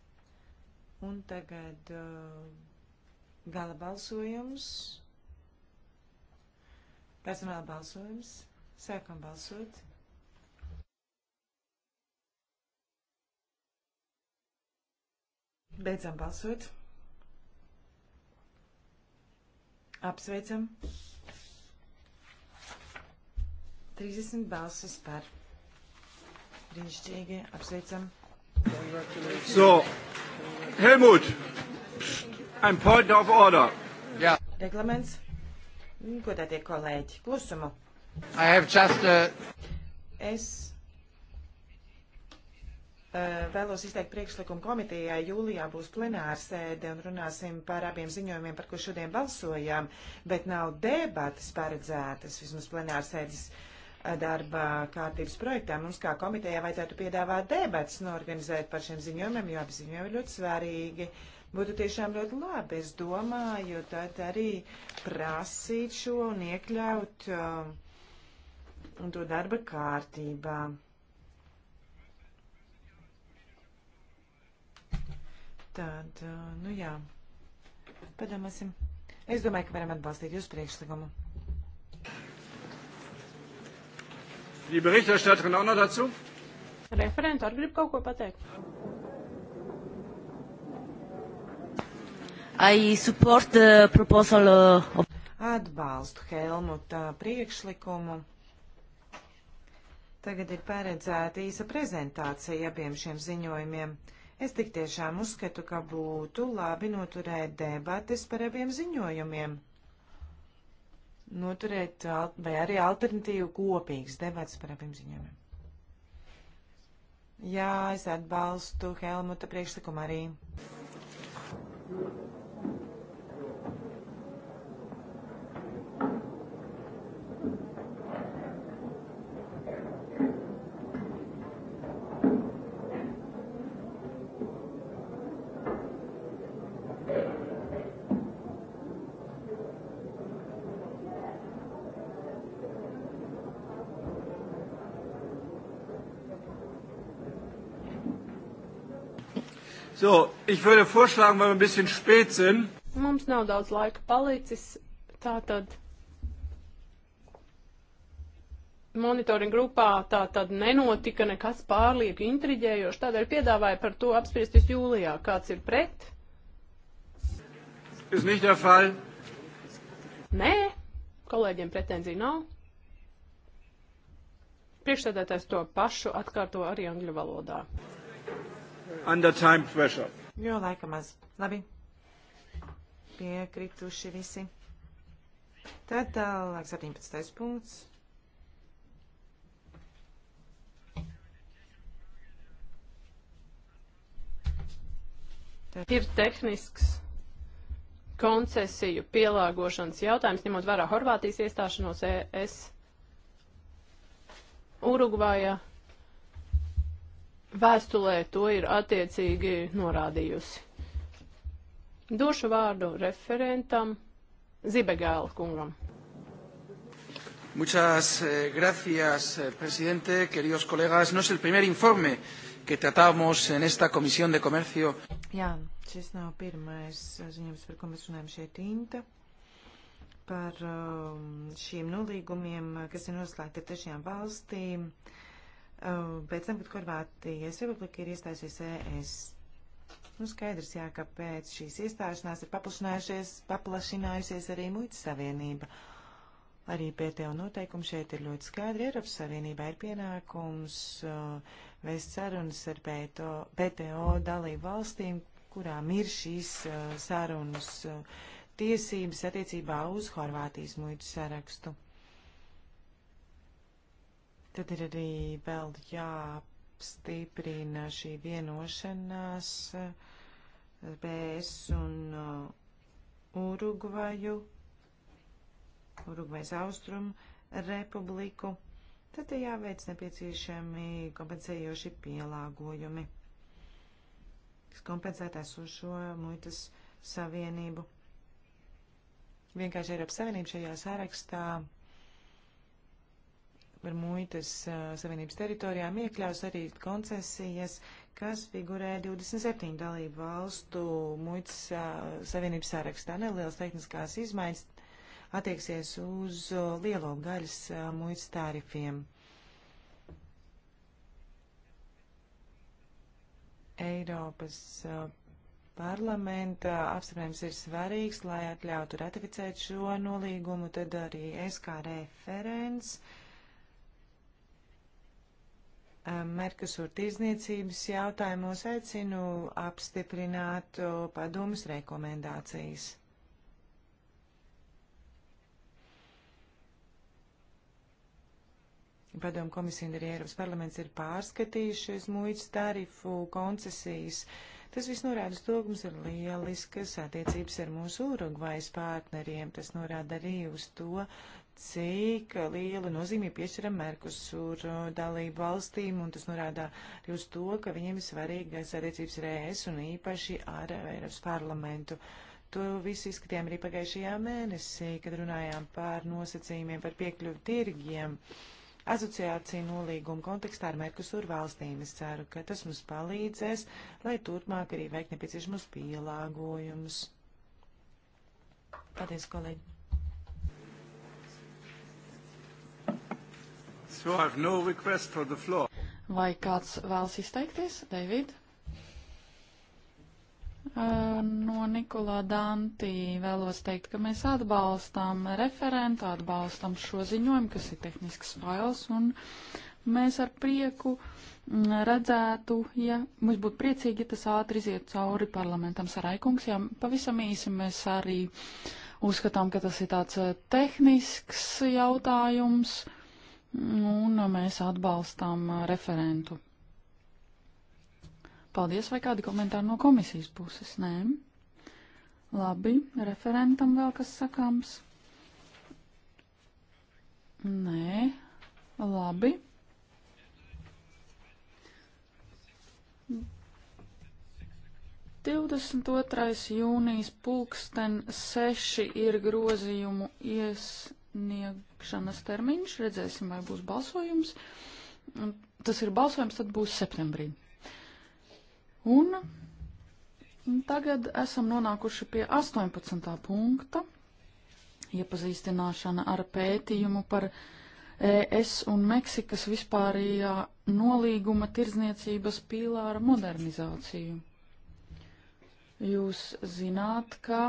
Un tagad uh, gala balsojums. Personāla balsojums. Sākam balsot. Beidzam balsot. Apsveicam. 30 balsis par. Brīnišķīgi. Apsveicam. So, Helmut, I'm point of order. Jā. Yeah. Reglaments. Ko tā tie kolēģi? Klusumu. I have just a... Es Eh, vēlos izteikt priekšlikumu komitejai. Jūlijā būs plenāra sēde un runāsim par abiem ziņojumiem, par ko šodien balsojām, bet nav debatas paredzētas vismaz plenāra sēdes eh, darba kārtības projektā. Mums kā komitejai vajadzētu piedāvāt debatas norganizēt par šiem ziņojumiem, jo abi ziņojumi ir ļoti svarīgi. Būtu tiešām ļoti labi, es domāju, tad arī prasīt šo un iekļaut um, to darba kārtībā. Tad, eh, nu jā, padomāsim. Es domāju, ka varam atbalstīt jūsu priekšlikumu. Die Berichterstatterin auch noch dazu? Referent, ar grib kaut ko pateikt? I support the proposal uh, of... Atbalstu Helmuta priekšlikumu. Tagad ir paredzēta īsa prezentācija abiem šiem ziņojumiem. Uh, Es tik tiešām uzskatu, ka būtu labi noturēt debates par abiem ziņojumiem. Noturēt vai arī alternatīvu kopīgas debates par abiem ziņojumiem. Jā, es atbalstu Helmuta priekšlikumu arī. Thank you. So, ich würde vorschlagen, weil wir ein bisschen spät sind. Mums nav daudz laika palicis, tātad monitoringa grupā tātad nenotika nekas pārlieku intriģējošs, tādēļ piedāvāja par to apspriesties jūlijā. Kāds ir pret? Ist nicht der Fall. Nē, kolēģiem pretenzija nav. Priekšsēdētājs to pašu atkārto arī angļu valodā under time pressure. Jo laika maz. Labi. Piekrituši visi. Tad uh, tālāk 17. punkts. Tad. Ir tehnisks koncesiju pielāgošanas jautājums, ņemot vērā Horvātijas iestāšanos ES Urugvājā Vēstulē to ir attiecīgi norādījusi. Došu vārdu referentam Zibegēla kungam. Muchas eh, gracias, eh, presidente. Queridos colegas, no es el primer informe que tratamos en esta Comisión de Comercio. Jā, šis nav pirmais ziņojums, par ko mēs runājam šeit Inta, par um, šiem nolīgumiem, kas ir noslēgti ar trešajām valstīm. Uh, Uh, pēc tam, kad Horvātijas republika ir iestājusies ES. Nu, skaidrs, jā, ka pēc šīs iestāšanās ir paplašinājusies arī muitas savienība. Arī PTO noteikumi šeit ir ļoti skaidri. Eiropas Savienībā ir pienākums uh, vēst sarunas ar PTO, PTO dalību valstīm, kurām ir šīs uh, sarunas uh, tiesības attiecībā uz Horvātijas muitas sarakstu. Tad ir arī vēl jāapstiprina šī vienošanās eh, BS un eh, Urugvaju, Urugvajas austrumu republiku. Tad ir jāveic nepieciešami kompensējoši pielāgojumi, kas kompensētās uz šo muitas savienību. Vienkārši Eiropas Savienība šajā sarakstā ar muitas uh, savienības teritorijām iekļaus arī koncesijas, kas figurē 27 dalību valstu muitas uh, savienības sarakstā. Nelielas tehniskās izmaiņas attieksies uz uh, lielo gaļas uh, muitas tarifiem. Eiropas uh, parlamenta apstiprinājums ir svarīgs, lai atļautu ratificēt šo nolīgumu, tad arī es kā referents uh, Um, Merkusur tirzniecības jautājumos aicinu apstiprināt padomus rekomendācijas. Padomu komisija un arī Eiropas parlaments ir pārskatījušies muitas tarifu koncesijas. Tas viss norāda uz to, ka mums ir lieliskas attiecības ar mūsu Urugvajas partneriem. Tas norāda arī uz to, cik liela nozīme piešķiram Merkusur uh, dalību valstīm, un tas norādā arī uz to, ka viņiem ir svarīgas attiecības ar ES un īpaši ar Eiropas parlamentu. To visu izskatījām arī pagājušajā mēnesī, kad runājām par nosacījumiem par piekļuvu tirgiem. Asociācija nolīguma kontekstā ar Merkusur valstīm es ceru, ka tas mums palīdzēs, lai turpmāk arī veikt nepieciešamos pielāgojumus. Paldies, kolēģi! No Vai kāds vēlas izteikties? David? No Nikolā Dantī vēlos teikt, ka mēs atbalstām referentu, atbalstam šo ziņojumu, kas ir tehnisks fails, un mēs ar prieku redzētu, ja mums būtu priecīgi, ja tas ātri iziet cauri parlamentam saraikungs, ja pavisam īsi mēs arī uzskatām, ka tas ir tāds tehnisks jautājums. Uh, un mēs atbalstām referentu. Paldies, vai kādi komentāri no komisijas puses? Nē. Labi, referentam vēl kas sakāms? Nē, labi. Divdesmit otrais jūnijas pulksten seši ir grozījumu iesniegu iesniegšanas termiņš. Redzēsim, vai būs balsojums. Tas ir balsojums, tad būs septembrī. Un tagad esam nonākuši pie 18. punkta iepazīstināšana ar pētījumu par ES un Meksikas vispārījā nolīguma tirdzniecības pīlāra modernizāciju. Jūs zināt, ka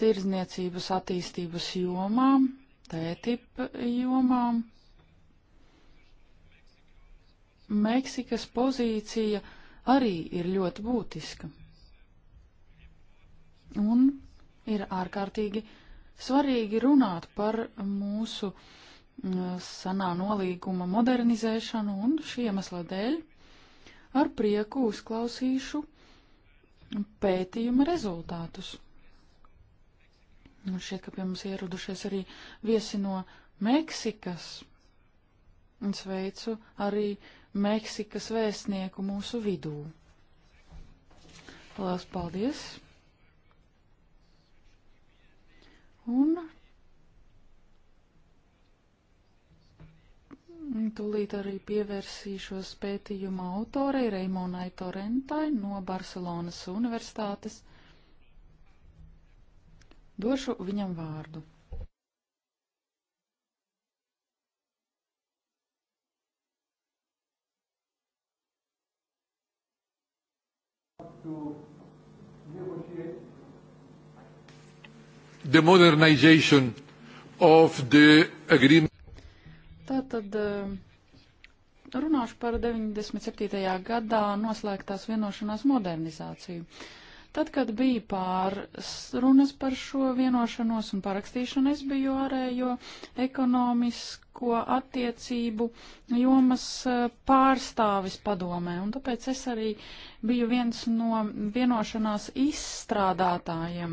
tirzniecības attīstības jomām, TTIP jomām. Meksikas pozīcija arī ir ļoti būtiska. Un ir ārkārtīgi svarīgi runāt par mūsu sanā nolīguma modernizēšanu un šī iemesla dēļ ar prieku uzklausīšu pētījuma rezultātus. Nu, šeit, ka pie mums ieradušies arī viesi no Meksikas. Un sveicu arī Meksikas vēstnieku mūsu vidū. Lielas paldies! Un Tūlīt arī pievērsīšos pētījuma autorei Reimonai Torentai no Barcelonas Universitātes. Došu viņam vārdu. The modernization of the agreement. Tātad eh, runāšu par 97. gadā noslēgtās vienošanās modernizāciju. Tad, kad bija pārrunas par šo vienošanos un parakstīšanu, es biju ārējo ekonomisko attiecību jomas e, pārstāvis padomē, un tāpēc es arī biju viens no vienošanās izstrādātājiem.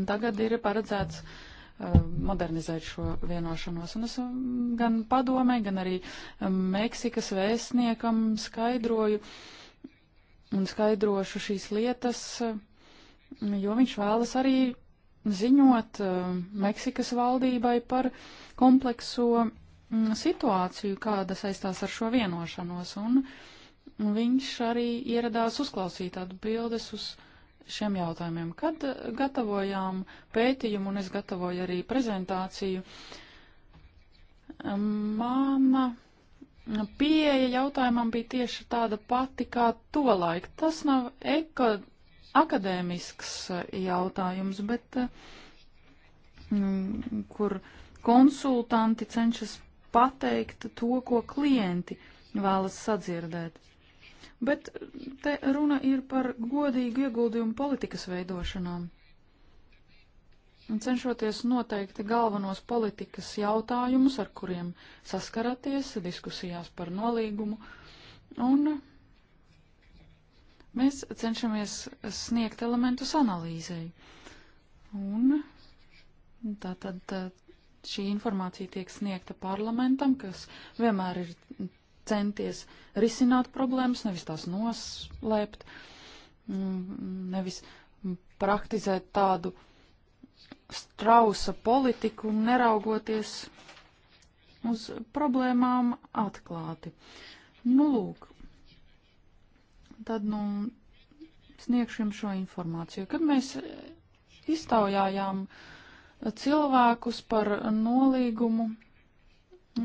Un tagad ir paredzēts e, modernizēt šo vienošanos. Un es gan padomē, gan arī Meksikas vēstniekam skaidroju, uh, un skaidrošu šīs lietas, jo viņš vēlas arī ziņot eh, Meksikas valdībai par komplekso mm, situāciju, kāda saistās ar šo vienošanos. Un viņš arī ieradās uzklausīt atbildes uz šiem jautājumiem. Kad gatavojām pētījumu un es gatavoju arī prezentāciju, mana pieeja jautājumam bija tieši tāda pati kā tolaik. Tas nav eko, akadēmisks eh, jautājums, bet eh, mm, kur konsultanti cenšas pateikt to, ko klienti vēlas sadzirdēt. Bet te runa ir par godīgu ieguldījumu politikas veidošanām un cenšoties noteikti galvenos politikas jautājumus, ar kuriem saskaraties diskusijās par nolīgumu, un mēs cenšamies sniegt elementus analīzei. Un tā tad šī informācija tiek sniegta parlamentam, kas vienmēr ir centies risināt problēmas, nevis tās noslēpt, mm, nevis praktizēt tādu uh, strausa politiku un neraugoties uz problēmām atklāti. Nu, lūk, tad, nu, sniegšu jums šo informāciju. Kad mēs iztaujājām cilvēkus par nolīgumu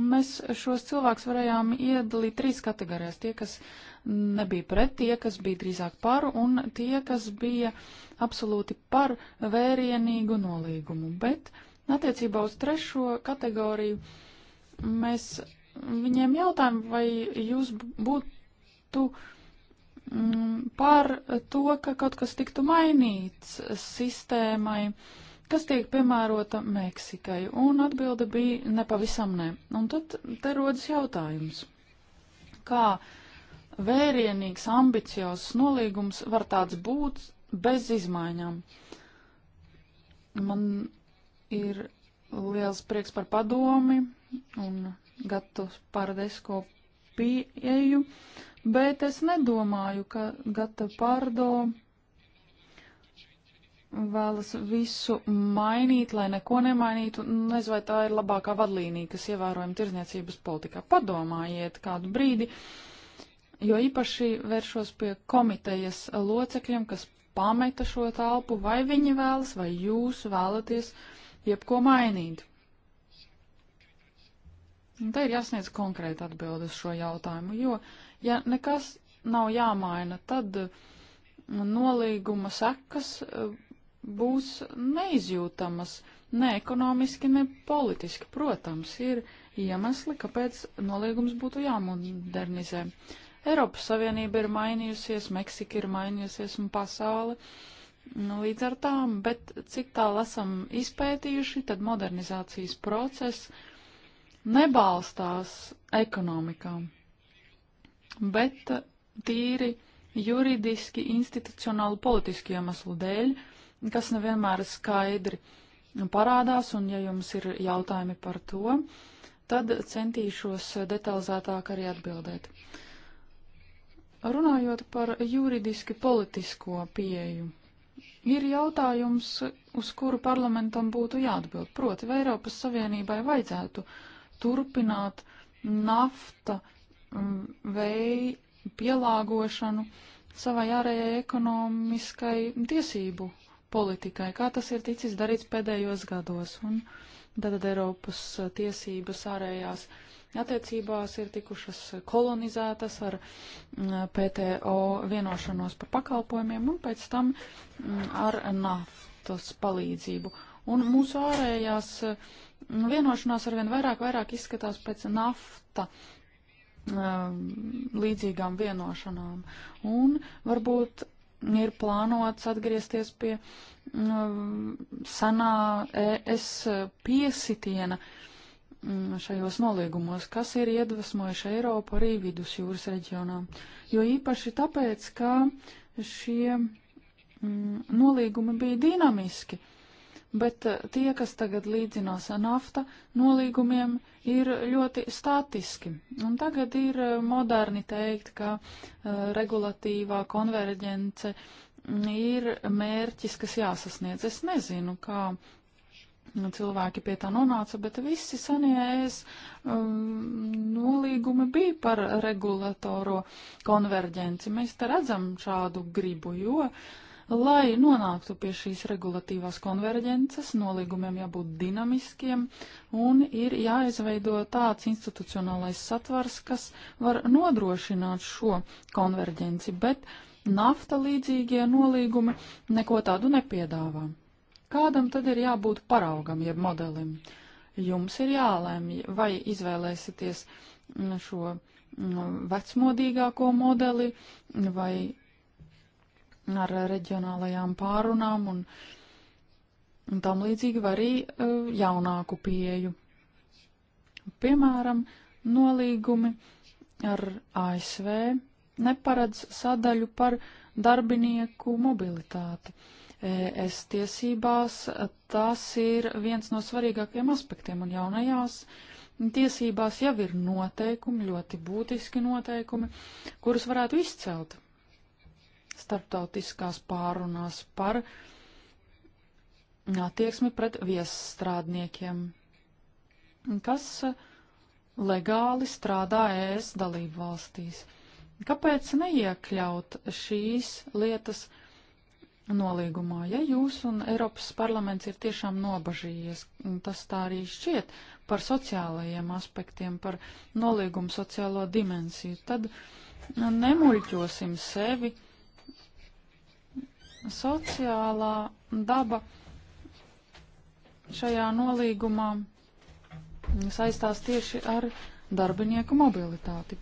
Mēs šos cilvēkus varējām iedalīt trīs kategorijās. Tie, kas nebija pret, tie, kas bija drīzāk par, un tie, kas bija absolūti par vērienīgu nolīgumu. Bet attiecībā uz trešo kategoriju mēs viņiem jautājām, vai jūs būtu mm, par to, ka kaut kas tiktu mainīts sistēmai kas tiek piemērota Meksikai, un atbilde bija nepavisam nē. Un tad te rodas jautājums, kā vērienīgs, ambiciozs nolīgums var tāds būt bez izmaiņām. Man ir liels prieks par padomi un Gatus Pardesko pieeju, bet es nedomāju, ka Gata Pardo vēlas visu mainīt, lai neko nemainītu. Nezinu, vai tā ir labākā vadlīnija, kas ievērojama tirzniecības politikā. Padomājiet kādu brīdi, jo īpaši vēršos pie komitejas locekļiem, kas pameta šo telpu, vai viņi vēlas, vai jūs vēlaties jebko mainīt. Un te ir jāsniedz konkrēta atbildes šo jautājumu, jo, ja nekas nav jāmaina, tad nolīguma sekas būs neizjūtamas ne ekonomiski, ne politiski. Protams, ir iemesli, kāpēc nolīgums būtu jāmodernizē. Eiropas Savienība ir mainījusies, Meksika ir mainījusies un pasauli. Nu, līdz ar tām, bet cik tālu esam izpētījuši, tad modernizācijas process nebalstās ekonomikā, bet tīri juridiski, institucionāli, politiski iemeslu dēļ uh, kas nevienmēr skaidri parādās, un ja jums ir jautājumi par to, tad centīšos detalizētāk arī atbildēt. Runājot par juridiski politisko pieeju, ir jautājums, uz kuru parlamentam būtu jāatbild. Proti, vai Eiropas Savienībai vajadzētu turpināt nafta mm, vei pielāgošanu savai ārējai ekonomiskai tiesību politikai, kā tas ir ticis darīts pēdējos gados. Un tad Eiropas eh, tiesības ārējās attiecībās ir tikušas kolonizētas ar mm, PTO vienošanos par pakalpojumiem un pēc tam mm, ar naftas palīdzību. Un mūsu ārējās mm, vienošanās arvien vairāk, vairāk izskatās pēc nafta līdzīgām vienošanām. Un varbūt ir plānots atgriezties pie nu, senā ES piesitiena mm, šajos nolīgumos, kas ir iedvesmojuši Eiropu arī vidusjūras reģionā. Jo īpaši tāpēc, ka šie mm, nolīgumi bija dinamiski bet eh, tie, kas tagad līdzinās nafta nolīgumiem, ir ļoti statiski. Un tagad ir eh, moderni teikt, ka uh, regulatīvā konverģence mm, ir mērķis, kas jāsasniedz. Es nezinu, kā nu, cilvēki pie tā nonāca, bet visi senie es um, mm, nolīgumi bija par regulatoro konverģenci. Mēs te redzam šādu gribu, jo uh, Lai nonāktu pie šīs regulatīvās konverģences, nolīgumiem jābūt dinamiskiem un ir jāizveido tāds institucionālais satvars, kas var nodrošināt šo konverģenci, bet nafta līdzīgie nolīgumi neko tādu nepiedāvā. Kādam tad ir jābūt paraugam jeb modelim? Jums ir jālēmj, vai izvēlēsieties šo mm, vecmodīgāko modeli vai ar reģionālajām pārunām un, un tam līdzīgi var arī e, jaunāku pieju. Piemēram, nolīgumi ar ASV neparedz sadaļu par darbinieku mobilitāti. Es tiesībās tas ir viens no svarīgākajiem aspektiem, un jaunajās tiesībās jau ir noteikumi, ļoti būtiski noteikumi, kurus varētu izcelt starptautiskās pārunās par attieksmi pret viesstrādniekiem, kas legāli strādā ES dalību valstīs. Kāpēc neiekļaut šīs lietas nolīgumā, ja jūs un Eiropas parlaments ir tiešām nobažījies, tas tā arī šķiet, par sociālajiem aspektiem, par nolīgumu sociālo dimensiju, tad nemuļķosim sevi. Uh, sociālā daba šajā nolīgumā saistās tieši ar darbinieku mobilitāti.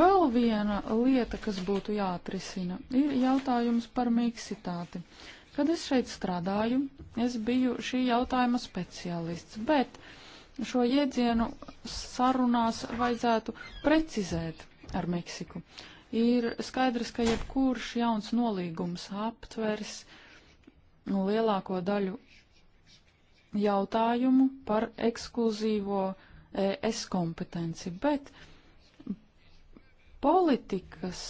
Vēl viena lieta, kas būtu jāatrisina, ir jautājums par miksitāti. Kad es šeit strādāju, es biju šī jautājuma speciālists, bet šo jēdzienu sarunās vajadzētu precizēt ar Meksiku. Uh, ir skaidrs, ka jebkurš jauns nolīgums aptvers lielāko daļu jautājumu par ekskluzīvo ES kompetenci, bet politikas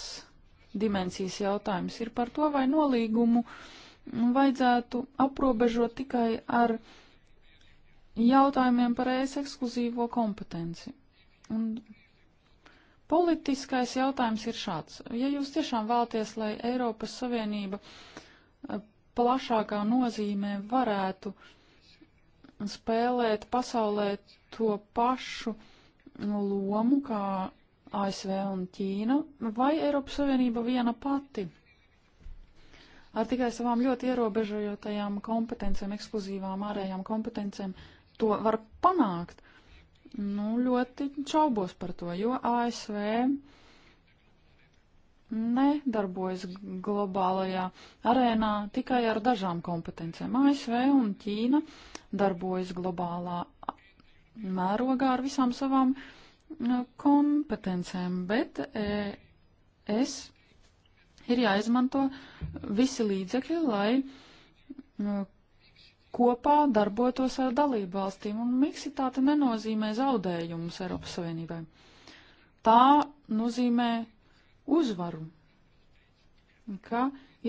dimensijas jautājums ir par to, vai nolīgumu vajadzētu aprobežot tikai ar jautājumiem par ES ekskluzīvo kompetenci. Un Politiskais jautājums ir šāds. Ja jūs tiešām vēlaties, lai Eiropas Savienība eh, plašākā nozīmē varētu spēlēt pasaulē to pašu lomu kā ASV un Ķīna, vai Eiropas Savienība viena pati ar tikai savām ļoti ierobežojotajām kompetencijām, ekskluzīvām ārējām kompetencijām to var panākt. Nu, ļoti šaubos par to, jo ASV nedarbojas globālajā arēnā tikai ar dažām kompetencijām. ASV un Ķīna darbojas globālā mērogā ar visām savām kompetencijām, bet es ir jāizmanto visi līdzekļi, lai kopā darbotos ar dalību valstīm, un miksitāte nenozīmē zaudējumus Eiropas Savienībai. Tā nozīmē uzvaru, ka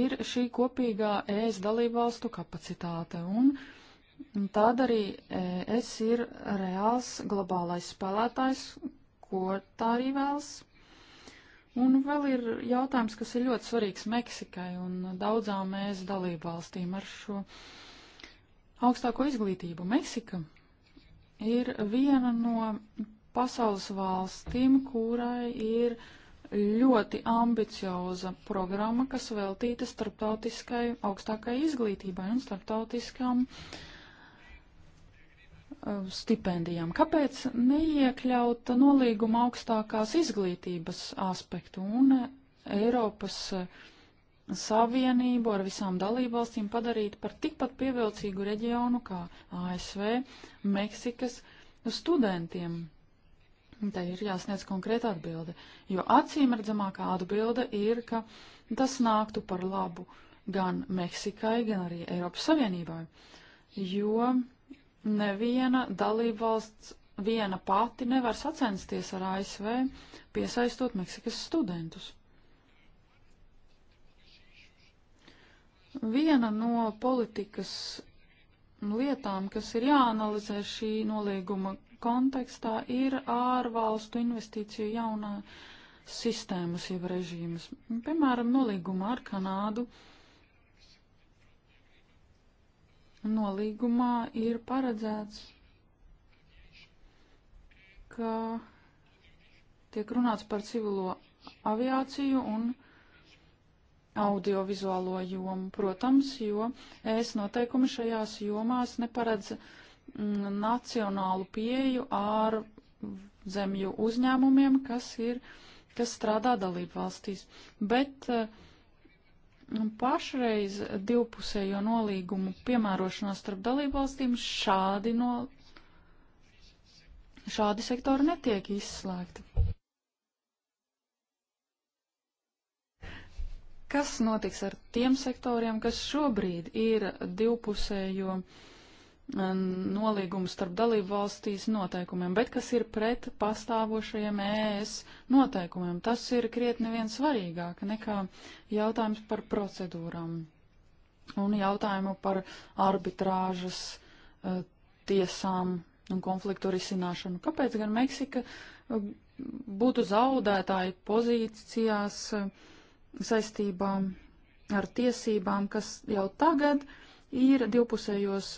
ir šī kopīgā ES dalību valstu kapacitāte, un tāda arī ES ir reāls globālais spēlētājs, ko tā arī vēlas. Un vēl ir jautājums, kas ir ļoti svarīgs Meksikai un daudzām ES dalību valstīm ar šo. Uh, augstāko izglītību. Meksika ir viena no pasaules valstīm, kurai ir ļoti ambicioza programma, kas veltīta starptautiskai augstākai izglītībai un starptautiskām um, stipendijām. Kāpēc neiekļaut nolīguma augstākās izglītības aspektu un Eiropas uh, Savienību ar visām dalībvalstīm padarīt par tikpat pievilcīgu reģionu kā ASV, Meksikas studentiem. Te ir jāsniedz konkrēta atbilde, jo acīm redzamākā atbilde ir, ka tas nāktu par labu gan Meksikai, gan arī Eiropas Savienībai, jo neviena dalībvalsts viena pati nevar sacensties ar ASV, piesaistot Meksikas studentus. Viena no politikas lietām, kas ir jāanalizē šī nolīguma kontekstā, ir ārvalstu investīciju jaunā sistēmas jeb režīmas. Piemēram, nolīguma ar Kanādu. Nolīgumā ir paredzēts, ka tiek runāts par civilo aviāciju un aviāciju audiovizuālo jomu, protams, jo es noteikumi šajās jomās neparedz mm, nacionālu pieju ar zemju uzņēmumiem, kas ir, kas strādā dalību valstīs. Bet uh, pašreiz divpusējo nolīgumu piemērošanā starp dalībvalstīm šādi, no, šādi sektori netiek izslēgti. Kas notiks ar tiem sektoriem, kas šobrīd ir divpusējo um, nolīgumu starp dalību valstīs noteikumiem, bet kas ir pret pastāvošajiem ES noteikumiem? Tas ir krietni vien svarīgāk nekā jautājums par procedūrām un jautājumu par arbitrāžas uh, tiesām un konfliktu risināšanu. Kāpēc gan Meksika uh, būtu zaudētāji pozīcijās? Uh, saistībām ar tiesībām, kas jau tagad ir divpusējos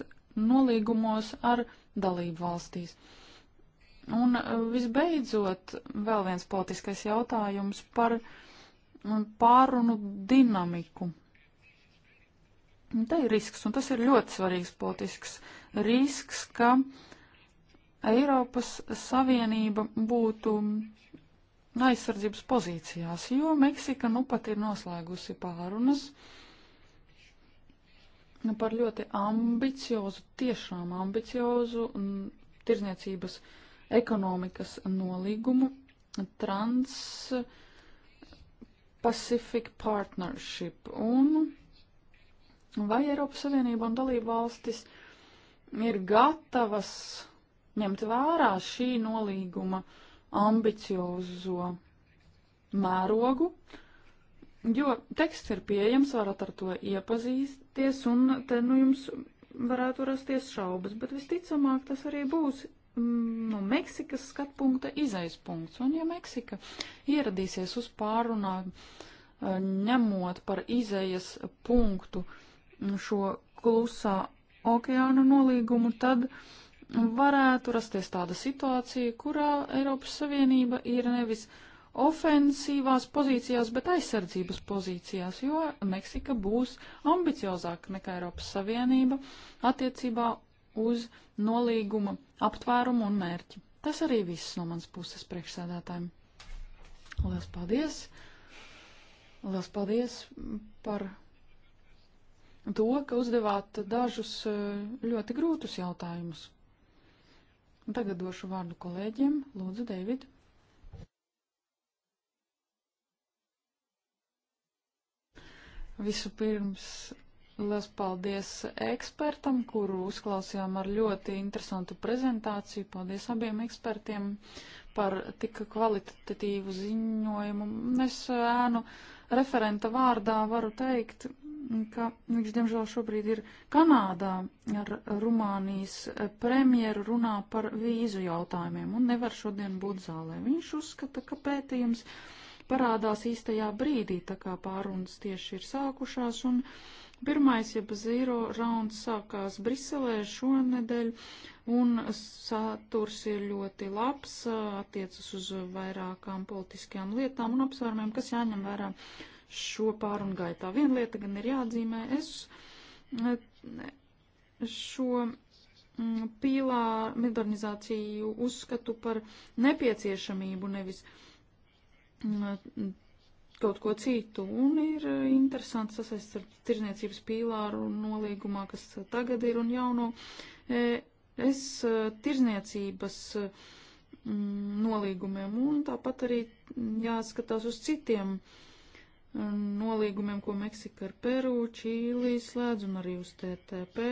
nolīgumos ar dalību valstīs. Un e, visbeidzot, vēl viens politiskais jautājums par e, pārunu dinamiku. Te ir risks, un tas ir ļoti svarīgs politisks risks, ka Eiropas Savienība būtu aizsardzības pozīcijās, jo Meksika nu pat ir noslēgusi pārunas nu, par ļoti ambiciozu, tiešām ambiciozu mm, tirzniecības ekonomikas nolīgumu Trans-Pacific Partnership. Un vai Eiropas Savienība un dalība valstis ir gatavas ņemt vērā šī nolīguma uh, ambiciozo mērogu, jo teksts ir pieejams, varat ar to iepazīties, un te nu jums varētu rasties šaubas, bet visticamāk tas arī būs mm, no nu, Meksikas skatpunkta izaizpunkts. Un ja Meksika ieradīsies uz pārunām, eh, ņemot par izējas punktu šo klusā okeāna nolīgumu, tad uh, varētu rasties tāda situācija, kurā Eiropas Savienība ir nevis ofensīvās pozīcijās, bet aizsardzības pozīcijās, jo Meksika būs ambiciozāka nekā Eiropas Savienība attiecībā uz nolīguma aptvērumu un mērķi. Tas arī viss no manas puses priekšsēdētājiem. Lielas paldies! Lielas paldies par to, ka uzdevāt dažus eh, ļoti grūtus jautājumus. Un tagad došu vārdu kolēģiem. Lūdzu, Deivid. Vispirms liels paldies ekspertam, kuru uzklausījām ar ļoti interesantu prezentāciju. Paldies abiem ekspertiem par tik kvalitatīvu ziņojumu. Es ēnu referenta vārdā varu teikt, ka viņš diemžēl šobrīd ir Kanādā ar Rumānijas premjeru runā par vīzu jautājumiem un nevar šodien būt zālē. Viņš uzskata, ka pētījums parādās īstajā brīdī, tā kā pārunas tieši ir sākušās un pirmais, jeb zīro rauns sākās Briselē šonedēļ un saturs ir ļoti labs, attiecas uz vairākām politiskajām lietām un apsvērumiem, kas jāņem vērā. Vairāk šo pārunu gaitā. Viena lieta gan ir jāatzīmē, es eh, šo mm, pīlā modernizāciju uzskatu par nepieciešamību, nevis mm, kaut ko citu. Un ir eh, interesants sasaist ar tirzniecības pīlāru nolīgumā, kas tagad ir un jauno. Eh, es tirzniecības mm, nolīgumiem un tāpat arī jāskatās uz citiem uh, nolīgumiem, ko Meksika ar Peru, Čīli slēdz un arī uz TTP,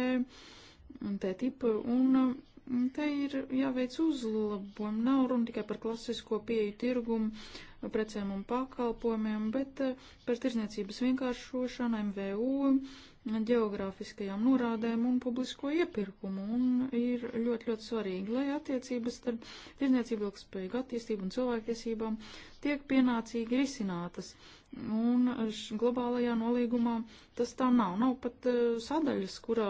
TTIP, un te ir jāveic uzlabojumi. Nav runa tikai par klasisko pieeju tirgumu precēm un pakalpojumiem, bet eh, par tirzniecības vienkāršošanu, MVU, geogrāfiskajām norādēm un publisko iepirkumu, un ir ļoti, ļoti svarīgi, lai attiecības starp tirzniecību, ilgspējīgu attīstību un cilvēktiesībām tiek pienācīgi risinātas. Uh, Un globālajā nolīgumā tas tā nav. Nav pat uh, sadaļas, kurā,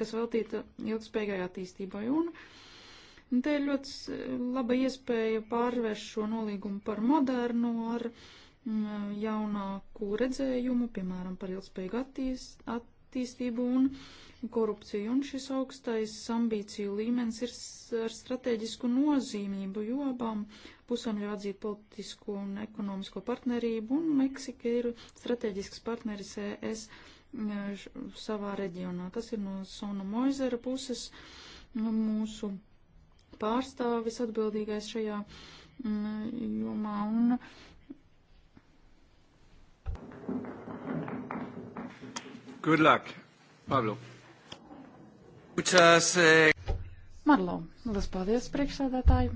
kas veltīta ilgspējīgai attīstībai. Un, un te ir ļoti laba iespēja pārvērst šo nolīgumu par modernu ar mm, jaunāku redzējumu, piemēram, par ilgspējīgu attīst, attīstību un korupciju. Un šis augstais ambīciju līmenis ir ar strateģisku nozīmību, jo abām pusēm ļauj atzīt politisko un ekonomisko partnerību, un Meksika ir strateģisks partneris ES savā reģionā. Tas ir no Sona Moizera puses mūsu pārstāvis atbildīgais šajā jomā. Un, Good luck, Pablo. Muchas. Eh... Marlo, liels paldies priekšsēdētāju.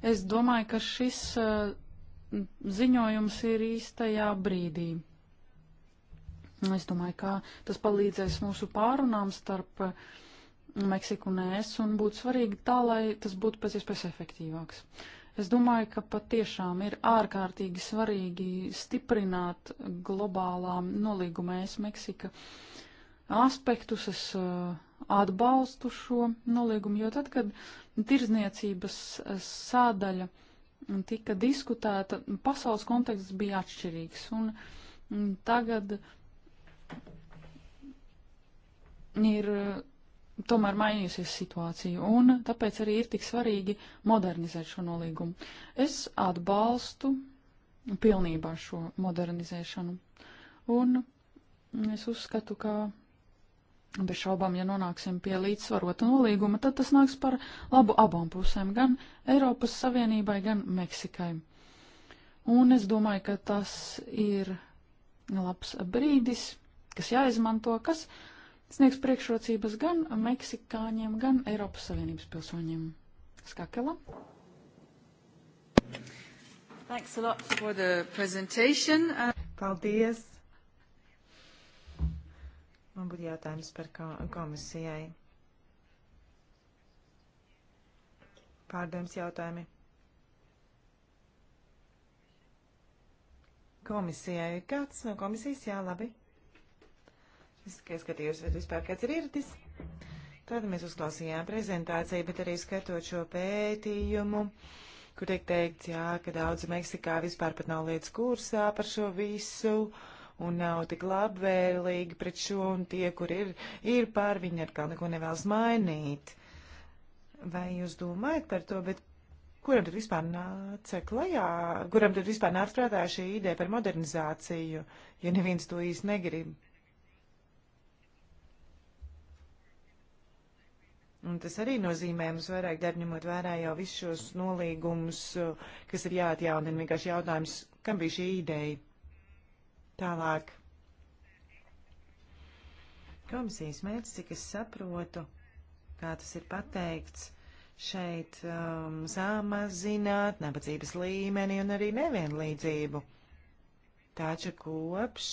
Es domāju, ka šis eh, ziņojums ir īstajā brīdī. Es domāju, ka tas palīdzēs mūsu pārunām starp eh, Meksiku un ES un būtu svarīgi tā, lai tas būtu pēc iespējas efektīvāks. Es domāju, ka patiešām ir ārkārtīgi svarīgi stiprināt globālā nolīguma ES Meksika aspektus. Es eh, atbalstu šo nolīgumu, jo tad, kad tirzniecības eh, sādaļa tika diskutēta, pasaules konteksts bija atšķirīgs. Un mm, tagad ir eh, tomēr mainījusies situācija, un tāpēc arī ir tik svarīgi modernizēt šo nolīgumu. Es atbalstu pilnībā šo modernizēšanu, un es uzskatu, ka Bez šaubām, ja nonāksim pie līdzsvarota nolīguma, tad tas nāks par labu abām pusēm, gan Eiropas Savienībai, gan Meksikai. Un es domāju, ka tas ir labs brīdis, kas jāizmanto, kas sniegs priekšrocības gan meksikāņiem, gan Eiropas Savienības pilsoņiem. Skakela. Thanks a lot for the presentation. Uh, Paldies Man būtu jautājums par komisijai. Pārdevums jautājumi. Komisijai kāds no komisijas? Jā, labi. Es tikai skatījos, vai vispār kāds ir ieradis. Tad mēs uzklausījām prezentāciju, bet arī skatot šo pētījumu, kur tiek teikts, jā, ka daudz Meksikā vispār pat nav lietas kursā par šo visu. Uh, un nav tik labvēlīgi pret šo, un tie, kur ir, ir pār viņu, atkal neko nevēlas mainīt. Vai jūs domājat par to, bet kuram tad vispār nāca klajā, kuram tad vispār nāca prātā šī ideja par modernizāciju, ja neviens to īsti negrib? Un tas arī nozīmē mums vairāk darbu, ņemot vērā jau visus šos nolīgumus, kas ir jāatjaunina. Vienkārši jautājums, kam bija šī ideja? Tālāk. Komisijas mērķis, cik es saprotu, kā tas ir pateikts, šeit um, samazināt nabadzības līmeni un arī nevienlīdzību. Taču kopš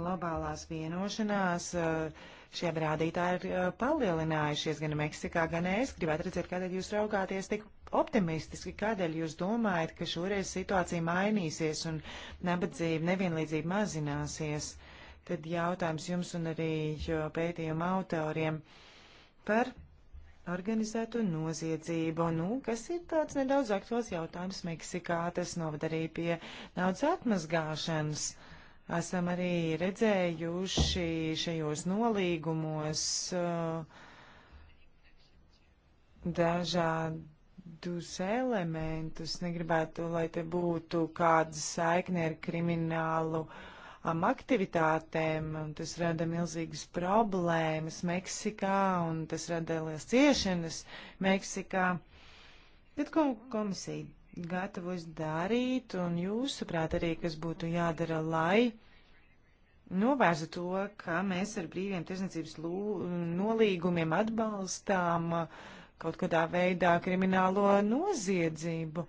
globālās vienošanās uh, Šie rādītāji ir eh, palielinājušies gan Meksikā, gan es. Gribētu redzēt, kādēļ jūs raugāties tik optimistiski, kādēļ jūs domājat, ka šoreiz situācija mainīsies un nabadzība, nevienlīdzība mazināsies. Tad jautājums jums un arī pētījuma autoriem par organizēto noziedzību. Nu, kas ir tāds nedaudz aktuāls jautājums Meksikā, tas novad arī pie naudas atmazgāšanas. Uh, Esam arī redzējuši šajos nolīgumos uh, dažādus elementus. Negribētu, lai te būtu kāda saikne ar kriminālu um, aktivitātēm, un tas rada milzīgas problēmas Meksikā, un tas rada lielas ciešanas Meksikā. Bet ko komisija gatavs darīt, un jūsuprāt arī, kas būtu jādara, lai novērstu to, ka mēs ar brīviem tiesniecības nolīgumiem atbalstām uh, kaut kādā veidā kriminālo noziedzību,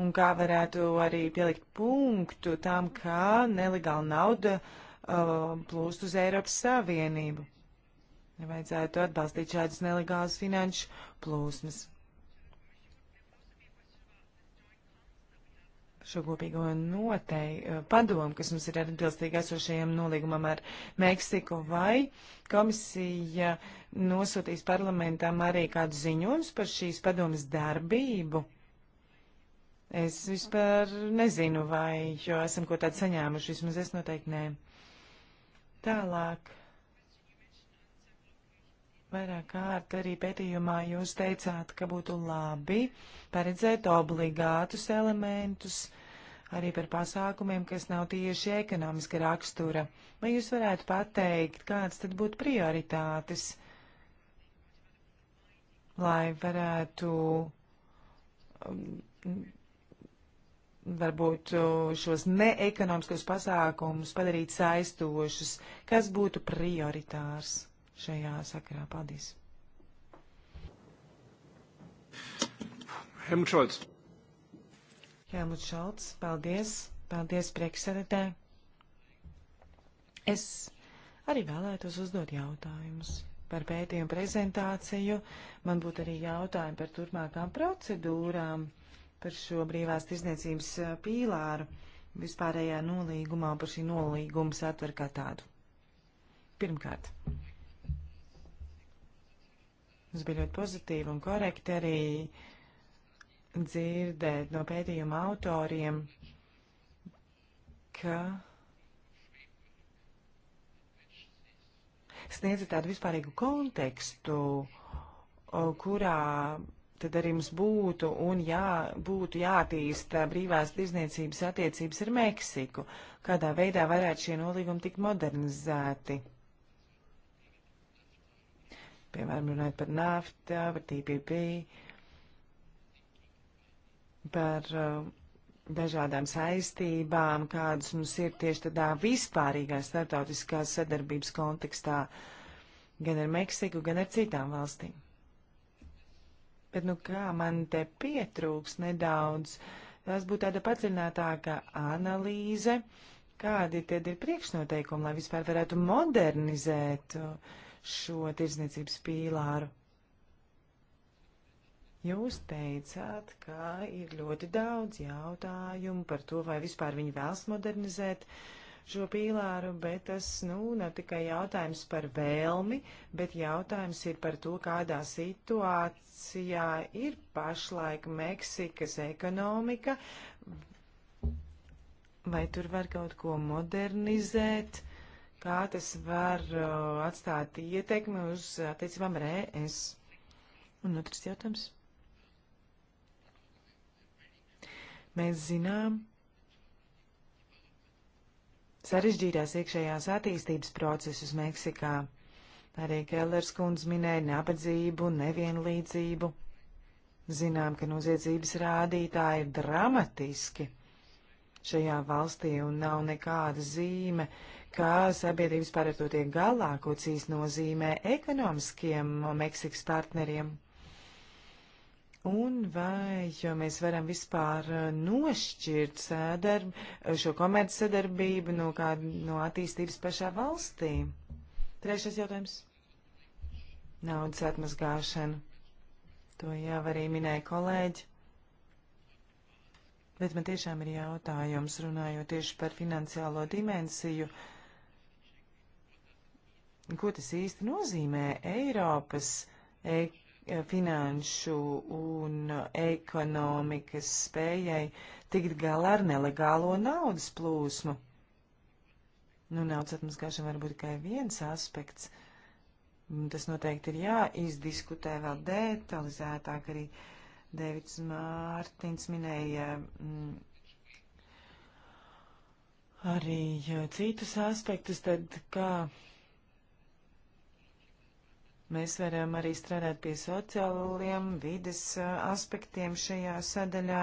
un kā varētu arī pielikt punktu tam, kā nelegāla nauda uh, plūst uz Eiropas Savienību. Vajadzētu atbalstīt šādas nelegālas finanšu plūsmas. šo kopīgo notei eh, padomu, kas mums ir atbilstīgi esošajam nolīgumam ar Meksiku, vai komisija nosūtīs parlamentam arī kādu ziņojumus par šīs padomas darbību? Es vispār nezinu, vai jau esam ko tādu saņēmuši, vismaz es noteikti nē. Tālāk. Vairāk kārt arī pētījumā jūs teicāt, ka būtu labi paredzēt obligātus elementus arī par pasākumiem, kas nav tieši ekonomiska rakstura. Vai jūs varētu pateikt, kāds tad būtu prioritātes, lai varētu um, varbūt uh, šos neekonomiskos pasākumus padarīt saistošus? Kas būtu prioritārs? šajā sakarā. Paldies! Helmut Šalts. Helmut Šalts, paldies. Paldies, priekšsēdētāji. Es arī vēlētos uzdot jautājumus par pētījumu prezentāciju. Man būtu arī jautājumi par turpmākām procedūrām, par šo brīvās tirzniecības pīlāru vispārējā nolīgumā, par šī nolīguma satver kā tādu. Pirmkārt, Mums bija ļoti pozitīvi un korekti arī dzirdēt no pētījuma autoriem, ka sniedza tādu vispārīgu kontekstu, kurā tad arī mums būtu un jā, būtu jātīsta brīvās tirzniecības attiecības ar Meksiku, kādā veidā varētu šie nolīgumi tikt modernizēti piemēram, runājot par naftu, par TPP, par uh, dažādām saistībām, kādas mums ir tieši tādā vispārīgā starptautiskās sadarbības kontekstā, gan ar Meksiku, gan ar citām valstīm. Bet, nu, kā man te pietrūks nedaudz, tas būtu tāda padziļinātāka analīze, kādi tad ir priekšnoteikumi, lai vispār varētu modernizēt uh, šo tirsniecības pīlāru. Jūs teicāt, ka ir ļoti daudz jautājumu par to, vai vispār viņi vēlas modernizēt šo pīlāru, bet tas, nu, nav tikai jautājums par vēlmi, bet jautājums ir par to, kādā situācijā ir pašlaik Meksikas ekonomika, vai tur var kaut ko modernizēt, kā tas var uh, atstāt ietekmi uz attiecībām ar ES. Un otrs jautājums. Mēs zinām sarežģītās iekšējās attīstības procesus Meksikā. Arī Kellers kundz minēja nabadzību, nevienlīdzību. Zinām, ka noziedzības rādītāji ir dramatiski šajā valstī un nav nekāda zīme, kā sabiedrības pārēto tiek galā, ko cīs nozīmē ekonomiskiem Meksikas partneriem. Un vai mēs varam vispār nošķirt sadarb, šo komerci sadarbību no, kā, no attīstības pašā valstī? Trešais jautājums. Naudas atmazgāšana. To jau arī minēja kolēģi. Bet man tiešām ir jautājums, runājot tieši par finansiālo dimensiju. Ko tas īsti nozīmē Eiropas e finanšu un ekonomikas spējai tikt galā ar nelegālo naudas plūsmu? Nu, naudas atmaskāšana varbūt tikai viens aspekts. Tas noteikti ir jāizdiskutē vēl detalizētāk arī. Uh, Dēvids Mārtiņš minēja mm, arī citus aspektus, tad kā mēs varam arī strādāt pie sociāliem vides aspektiem šajā sadaļā,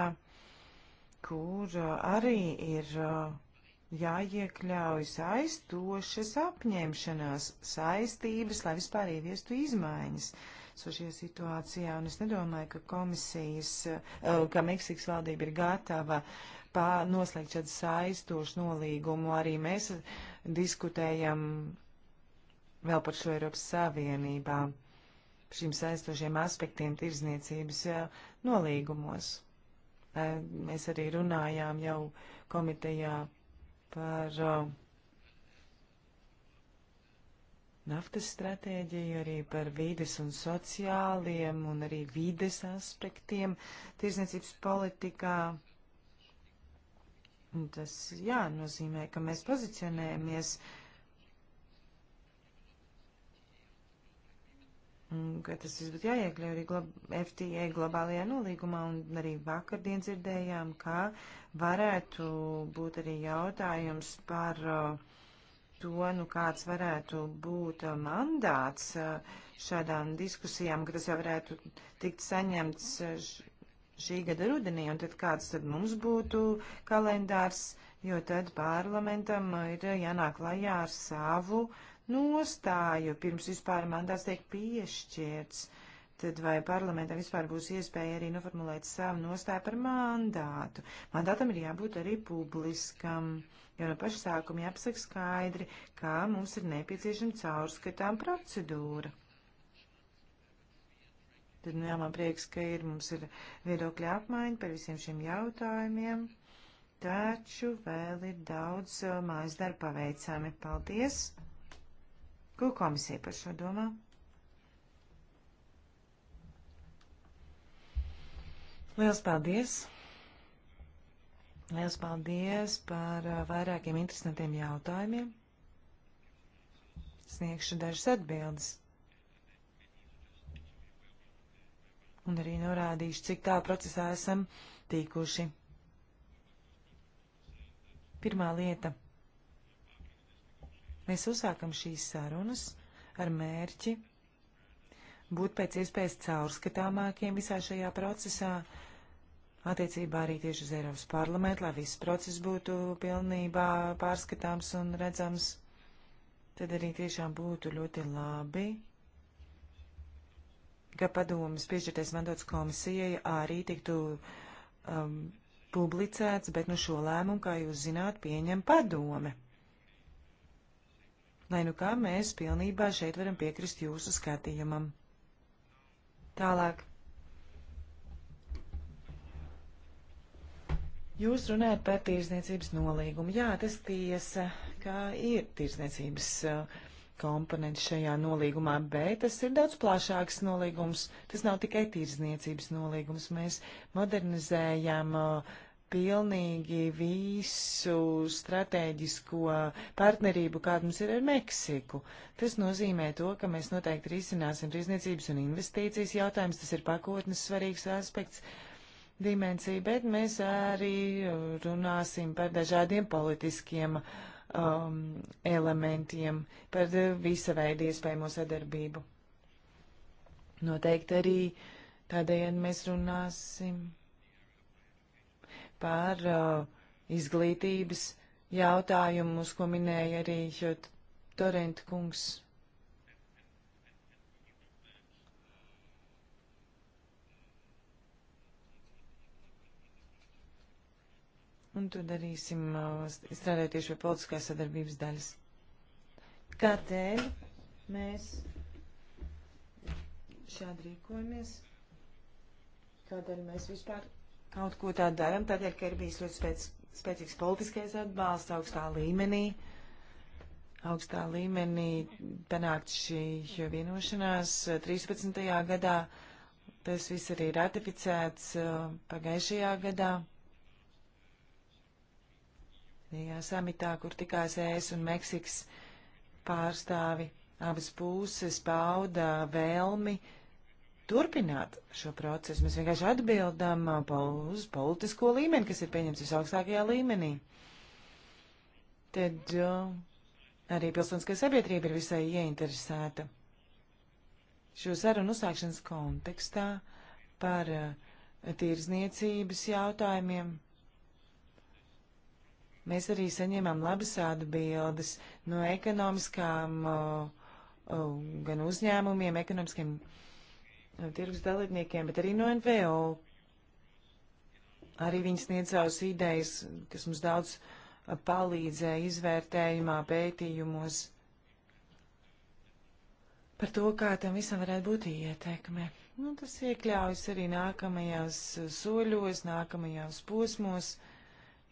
kur arī ir jāiekļauj saistošas apņemšanās saistības, lai vispār ieviestu izmaiņas. Uh, sošajā situācijā, un es nedomāju, ka komisijas, eh, ka Meksikas valdība ir gatava noslēgt šādu saistošu nolīgumu. Arī mēs diskutējam vēl par šo Eiropas Savienībā, šīm saistošiem aspektiem tirzniecības eh, nolīgumos. Eh, mēs arī runājām jau komitejā par uh, naftas stratēģiju, arī par vīdes un sociāliem un arī vīdes aspektiem tirzniecības politikā. Un tas, jā, nozīmē, ka mēs pozicionējamies, ka tas viss būtu jāiekļauj arī glob FTA e globālajā nolīgumā, un arī vakardien dzirdējām, ka varētu būt arī jautājums par uh, to, nu, kāds varētu būt uh, mandāts uh, šādām diskusijām, ka tas jau varētu tikt saņemts uh, šī gada rudenī, un tad kāds tad mums būtu kalendārs, jo tad parlamentam ir jānāk lajā ar savu nostāju, pirms vispār mandāts tiek piešķirts. Uh, Tad vai parlamentam vispār būs iespēja arī noformulēt savu nostāju par mandātu? Mandātam ir jābūt arī publiskam. Jau no paša sākuma jāpasaka skaidri, kā mums ir nepieciešama caurskatām procedūra. Tad, nu jā, man prieks, ka ir, mums ir viedokļa apmaiņa par visiem šiem jautājumiem, taču vēl ir daudz eh, mājas darba paveicami. Paldies! Ko komisija par šo domā? Liels paldies! Liels paldies par uh, vairākiem interesantiem jautājumiem. Sniegšu dažas atbildes. Un arī norādīšu, cik tā procesā esam tikuši. Pirmā lieta. Mēs uzsākam šīs sarunas ar mērķi būt pēc iespējas caurskatāmākiem visā šajā procesā, attiecībā arī tieši uz Eiropas parlamentu, lai viss process būtu pilnībā pārskatāms un redzams, tad arī tiešām būtu ļoti labi, ka padomas piešķirtais mandāts komisijai arī tiktu um, publicēts, bet nu šo lēmumu, kā jūs zināt, pieņem padome. Lai nu kā mēs pilnībā šeit varam piekrist jūsu skatījumam. Tālāk. Jūs runājat par tirzniecības nolīgumu. Jā, tas tiesa, ka ir tirzniecības uh, komponents šajā nolīgumā, bet tas ir daudz plašāks nolīgums. Tas nav tikai tirzniecības nolīgums. Mēs modernizējam uh, pilnīgi visu strateģisko partnerību, kāda mums ir ar Meksiku. Tas nozīmē to, ka mēs noteikti risināsim tirzniecības un investīcijas jautājumus. Tas ir pakotnes svarīgs aspekts. Uh, dimensiju, bet mēs arī runāsim par dažādiem politiskiem um, elementiem, par visa veida iespējamo sadarbību. Noteikti arī tādējādi mēs runāsim par uh, izglītības jautājumus, ko minēja arī Torenta kungs. Un to darīsim, strādājot tieši pie politiskās sadarbības daļas. Kādēļ mēs šādi rīkojamies? Kādēļ mēs vispār kaut ko tādu darām? Tādēļ, ka ir bijis ļoti spēc, spēcīgs politiskais atbalsts augstā līmenī. Augstā līmenī panākt šī vienošanās 13. gadā. Tas viss arī ratificēts pagājušajā gadā. Jā, samitā, kur tikās ES un Meksikas pārstāvi, abas puses pauda vēlmi turpināt šo procesu. Mēs vienkārši atbildam uz politisko līmeni, kas ir pieņemts visaugstākajā līmenī. Tad jo, arī pilsoniskā sabiedrība ir visai ieinteresēta. Šo sarunu uzsākšanas kontekstā par tirzniecības jautājumiem Mēs arī saņēmām labas atbildes no ekonomiskām, gan uzņēmumiem, ekonomiskiem tirgus dalībniekiem, bet arī no NVO. Arī viņi sniedz savas idejas, kas mums daudz palīdzēja izvērtējumā, pētījumos par to, kā tam visam varētu būt ietekme. Nu, tas iekļaujas arī nākamajās soļos, nākamajās posmos. Uh,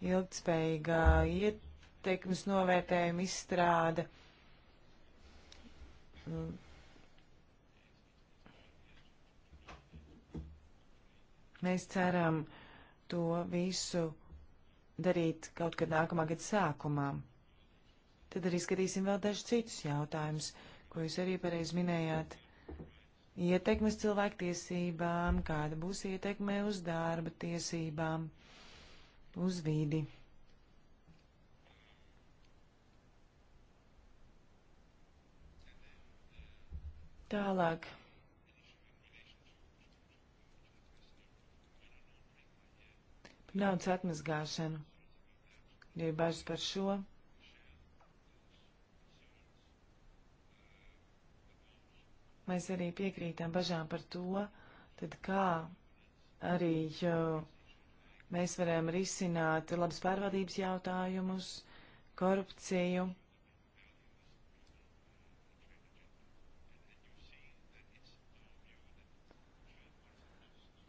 ilgtspējīgā ietekmes novērtējuma izstrāde. Mēs ceram to visu darīt kaut kad nākamā gada sākumā. Tad arī skatīsim vēl dažus citus jautājumus, ko jūs arī pareizi minējāt. Ietekmes cilvēktiesībām, kāda būs ietekme uz darba tiesībām uz vīdi. Tālāk. Naudas atmazgāšanu. Ja ir bažas par šo. Mēs arī piekrītam bažām par to, tad kā arī jau Mēs varam risināt labas pārvaldības jautājumus, korupciju.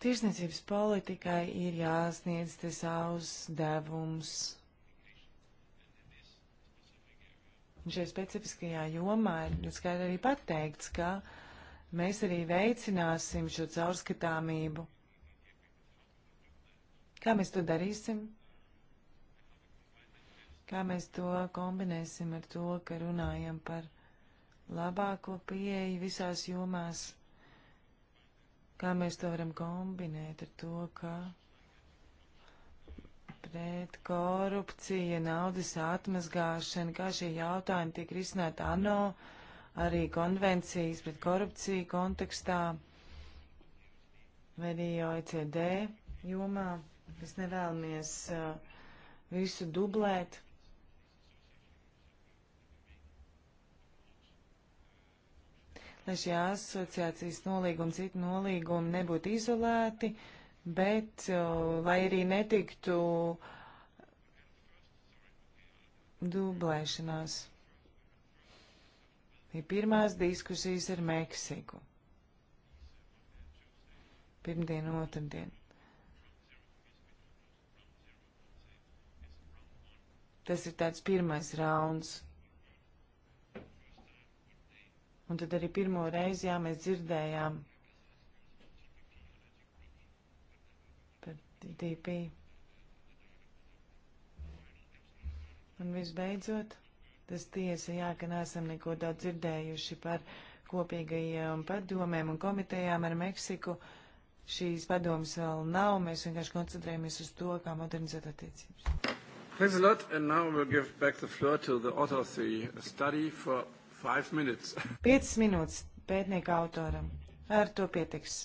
Tirzniecības politikai ir jāsniedz te savus devums. Šajā specifiskajā jomā ir skaidri arī pateikts, ka mēs arī veicināsim šo caurskatāmību. Kā mēs to darīsim? Kā mēs to kombinēsim ar to, ka runājam par labāko pieeju visās jomās? Kā mēs to varam kombinēt ar to, ka pret korupciju, naudas atmazgāšanu, kā šie jautājumi tiek risināti ANO, arī konvencijas pret korupciju kontekstā, vai arī OECD jomā. Mēs nevēlamies uh, visu dublēt. Lai šie asociācijas nolīgumi, citi nolīgumi nebūtu izolēti, bet uh, lai arī netiktu dublēšanās. Ir pirmās diskusijas ar Meksiku. Pirmdien, otrdien. Tas ir tāds pirmais rauns. Un tad arī pirmo reizi, jā, mēs dzirdējām par DP. Un visbeidzot, tas tiesa, jā, ka neesam neko daudz dzirdējuši par kopīgajiem padomēm un komitejām ar Meksiku. Šīs padomas vēl nav, mēs vienkārši koncentrējamies uz to, kā modernizēt attiecības. Thanks a lot. And now we'll give back the floor to the author of the study for five minutes. Piecas minūtes pētnieka autoram. Ar to pietiks.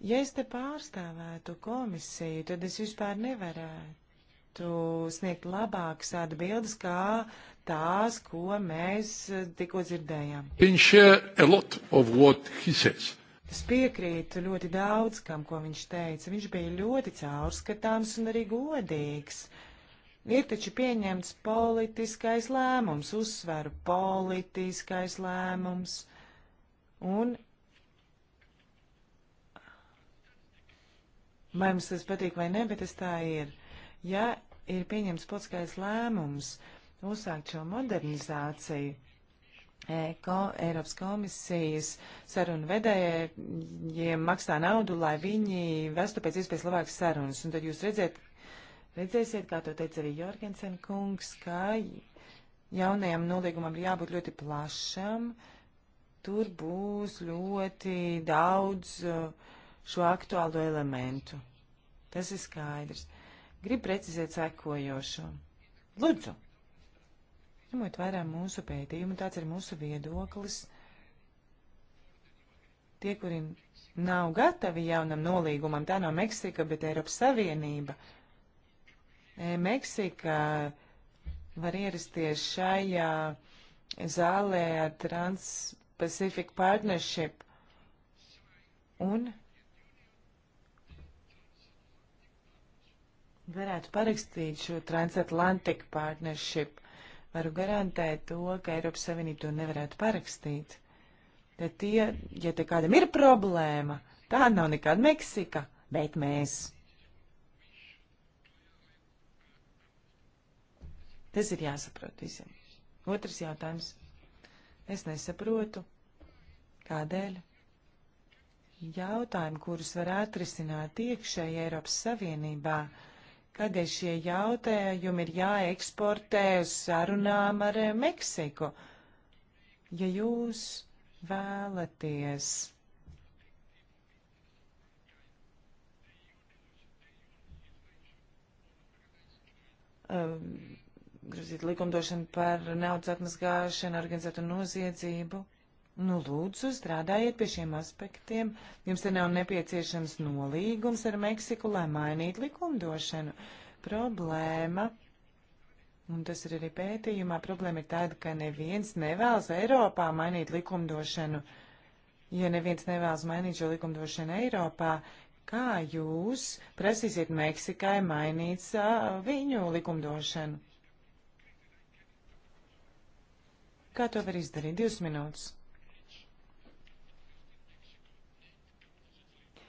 Ja es te pārstāvētu komisiju, tad es vispār nevarētu sniegt labākas atbildes kā tās, ko mēs tikko dzirdējām. Viņš share a lot of what he says. Es piekrītu ļoti daudz kam, ko viņš teica. Viņš bija ļoti caurskatāms un arī godīgs. Ir taču pieņemts politiskais lēmums, uzsveru politiskais lēmums, un vai mums tas patīk vai ne, bet tas tā ir. Ja ir pieņemts politiskais lēmums uzsākt šo modernizāciju, Ko, Eiropas komisijas sarunu vedējiem maksā naudu, lai viņi vestu pēc iespējas labākas sarunas. Un tad jūs redzēt, redzēsiet, kā to teica arī Jorgensen kungs, ka jaunajam nolīgumam ir jābūt ļoti plašam. Tur būs ļoti daudz uh, šo aktuālo elementu. Tas ir skaidrs. Gribu precizēt sekojošo. Lūdzu! Ņemot vērā mūsu pētījumu, tāds ir mūsu viedoklis. Tie, kuriem nav gatavi jaunam nolīgumam, tā nav Meksika, bet Eiropas Savienība. E, Meksika var ierasties šajā zālē ar Trans-Pacific Partnership un varētu parakstīt šo Transatlantic Partnership varu garantēt to, ka Eiropas Savienība to nevarētu parakstīt. Tad tie, ja te kādam ir problēma, tā nav nekāda Meksika, bet mēs. Tas ir jāsaprot visiem. Otrs jautājums. Es nesaprotu, kādēļ jautājumi, kurus var atrisināt iekšēji Eiropas Savienībā, uh, Kādēļ šie jautājumi ir jāeksportē uz sarunām ar eh, Meksiku? Ja jūs vēlaties. Um, grozīt likumdošanu par naudas atmazgāšanu, organizētu noziedzību. Nu, lūdzu, strādājiet pie šiem aspektiem. Jums te nav nepieciešams nolīgums ar Meksiku, lai mainītu likumdošanu. Problēma. Un tas ir arī pētījumā. Problēma ir tāda, ka neviens nevēlas Eiropā mainīt likumdošanu. Ja neviens nevēlas mainīt šo likumdošanu Eiropā, kā jūs prasīsiet Meksikai mainīt viņu likumdošanu? Kā to var izdarīt? Divas minūtes.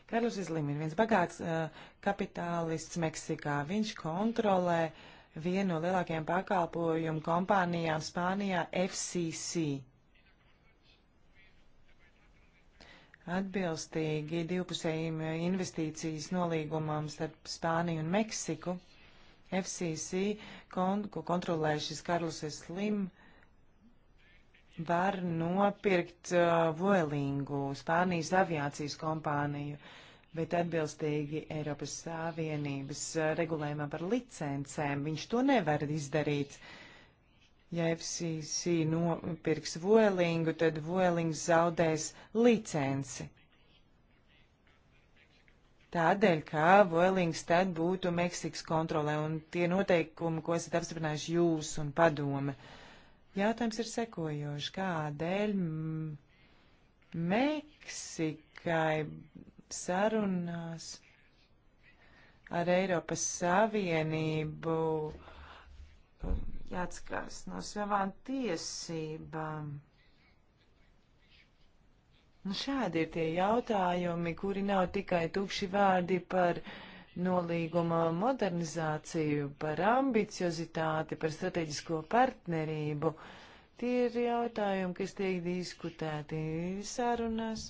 Karlus Izlim ir viens bagāts uh, kapitālists Meksikā. Viņš kontrolē vienu no lielākajām pakalpojumu kompānijām Spānijā FCC. Atbilstīgi divpusējiem investīcijas nolīgumam starp Spāniju un Meksiku, FCC, kon, ko kontrolē šis Karlus Slim, var nopirkt uh, Vuelingu, Spānijas aviācijas kompāniju, bet atbilstīgi Eiropas Savienības uh, regulējumā par licencēm viņš to nevar izdarīt. Ja FCC nopirks Vuelingu, tad Vuelings zaudēs licenci. Tādēļ, ka Vuelings tad būtu Meksikas kontrolē un tie noteikumi, ko esat apstiprinājuši jūs un padome. Uh, Jautājums ir sekojoši. Kādēļ Meksikai sarunās ar Eiropas Savienību um, jāatskās no savām tiesībām? Nu, šādi ir tie jautājumi, kuri nav tikai tukši vārdi par uh, nolīguma modernizāciju, par ambiciozitāti, par strateģisko partnerību. Tie ir jautājumi, kas tiek diskutēti sarunās.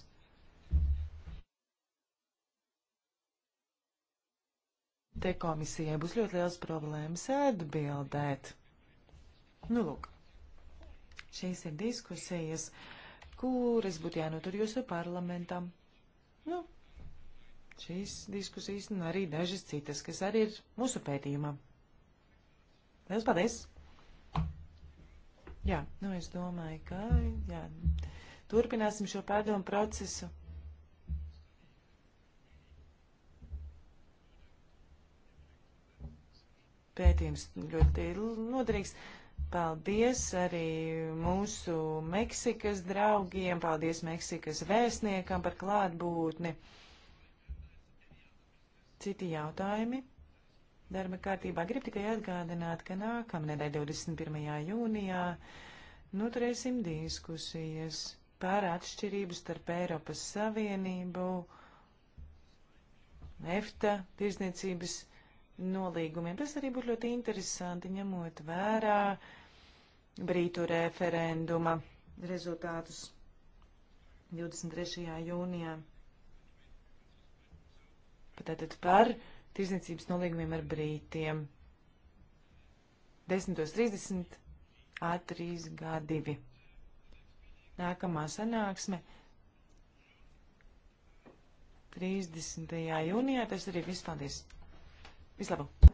Te komisijai būs ļoti liels problēmas atbildēt. Nu, lūk, šīs ir diskusijas, kuras būtu jānotur jūsu parlamentam. Nu, šīs diskusijas un arī dažas citas, kas arī ir mūsu pētījumā. Liels paldies! Jā, nu es domāju, ka jā, turpināsim šo pārdomu procesu. Pētījums ļoti noderīgs. Paldies arī mūsu Meksikas draugiem, paldies Meksikas vēstniekam par klātbūtni citi jautājumi. Darba kārtībā grib tikai atgādināt, ka nākamnedēļ 21. jūnijā noturēsim diskusijas par atšķirību starp Eiropas Savienību, EFTA, tirzniecības nolīgumiem. Tas arī būtu ļoti interesanti, ņemot vērā Brītu referenduma rezultātus 23. jūnijā. Tātad par tirzniecības nolīgumiem ar brītiem. 10.30 A3G2. Nākamā sanāksme 30. jūnijā. Tas arī viss. Paldies! Vislabu!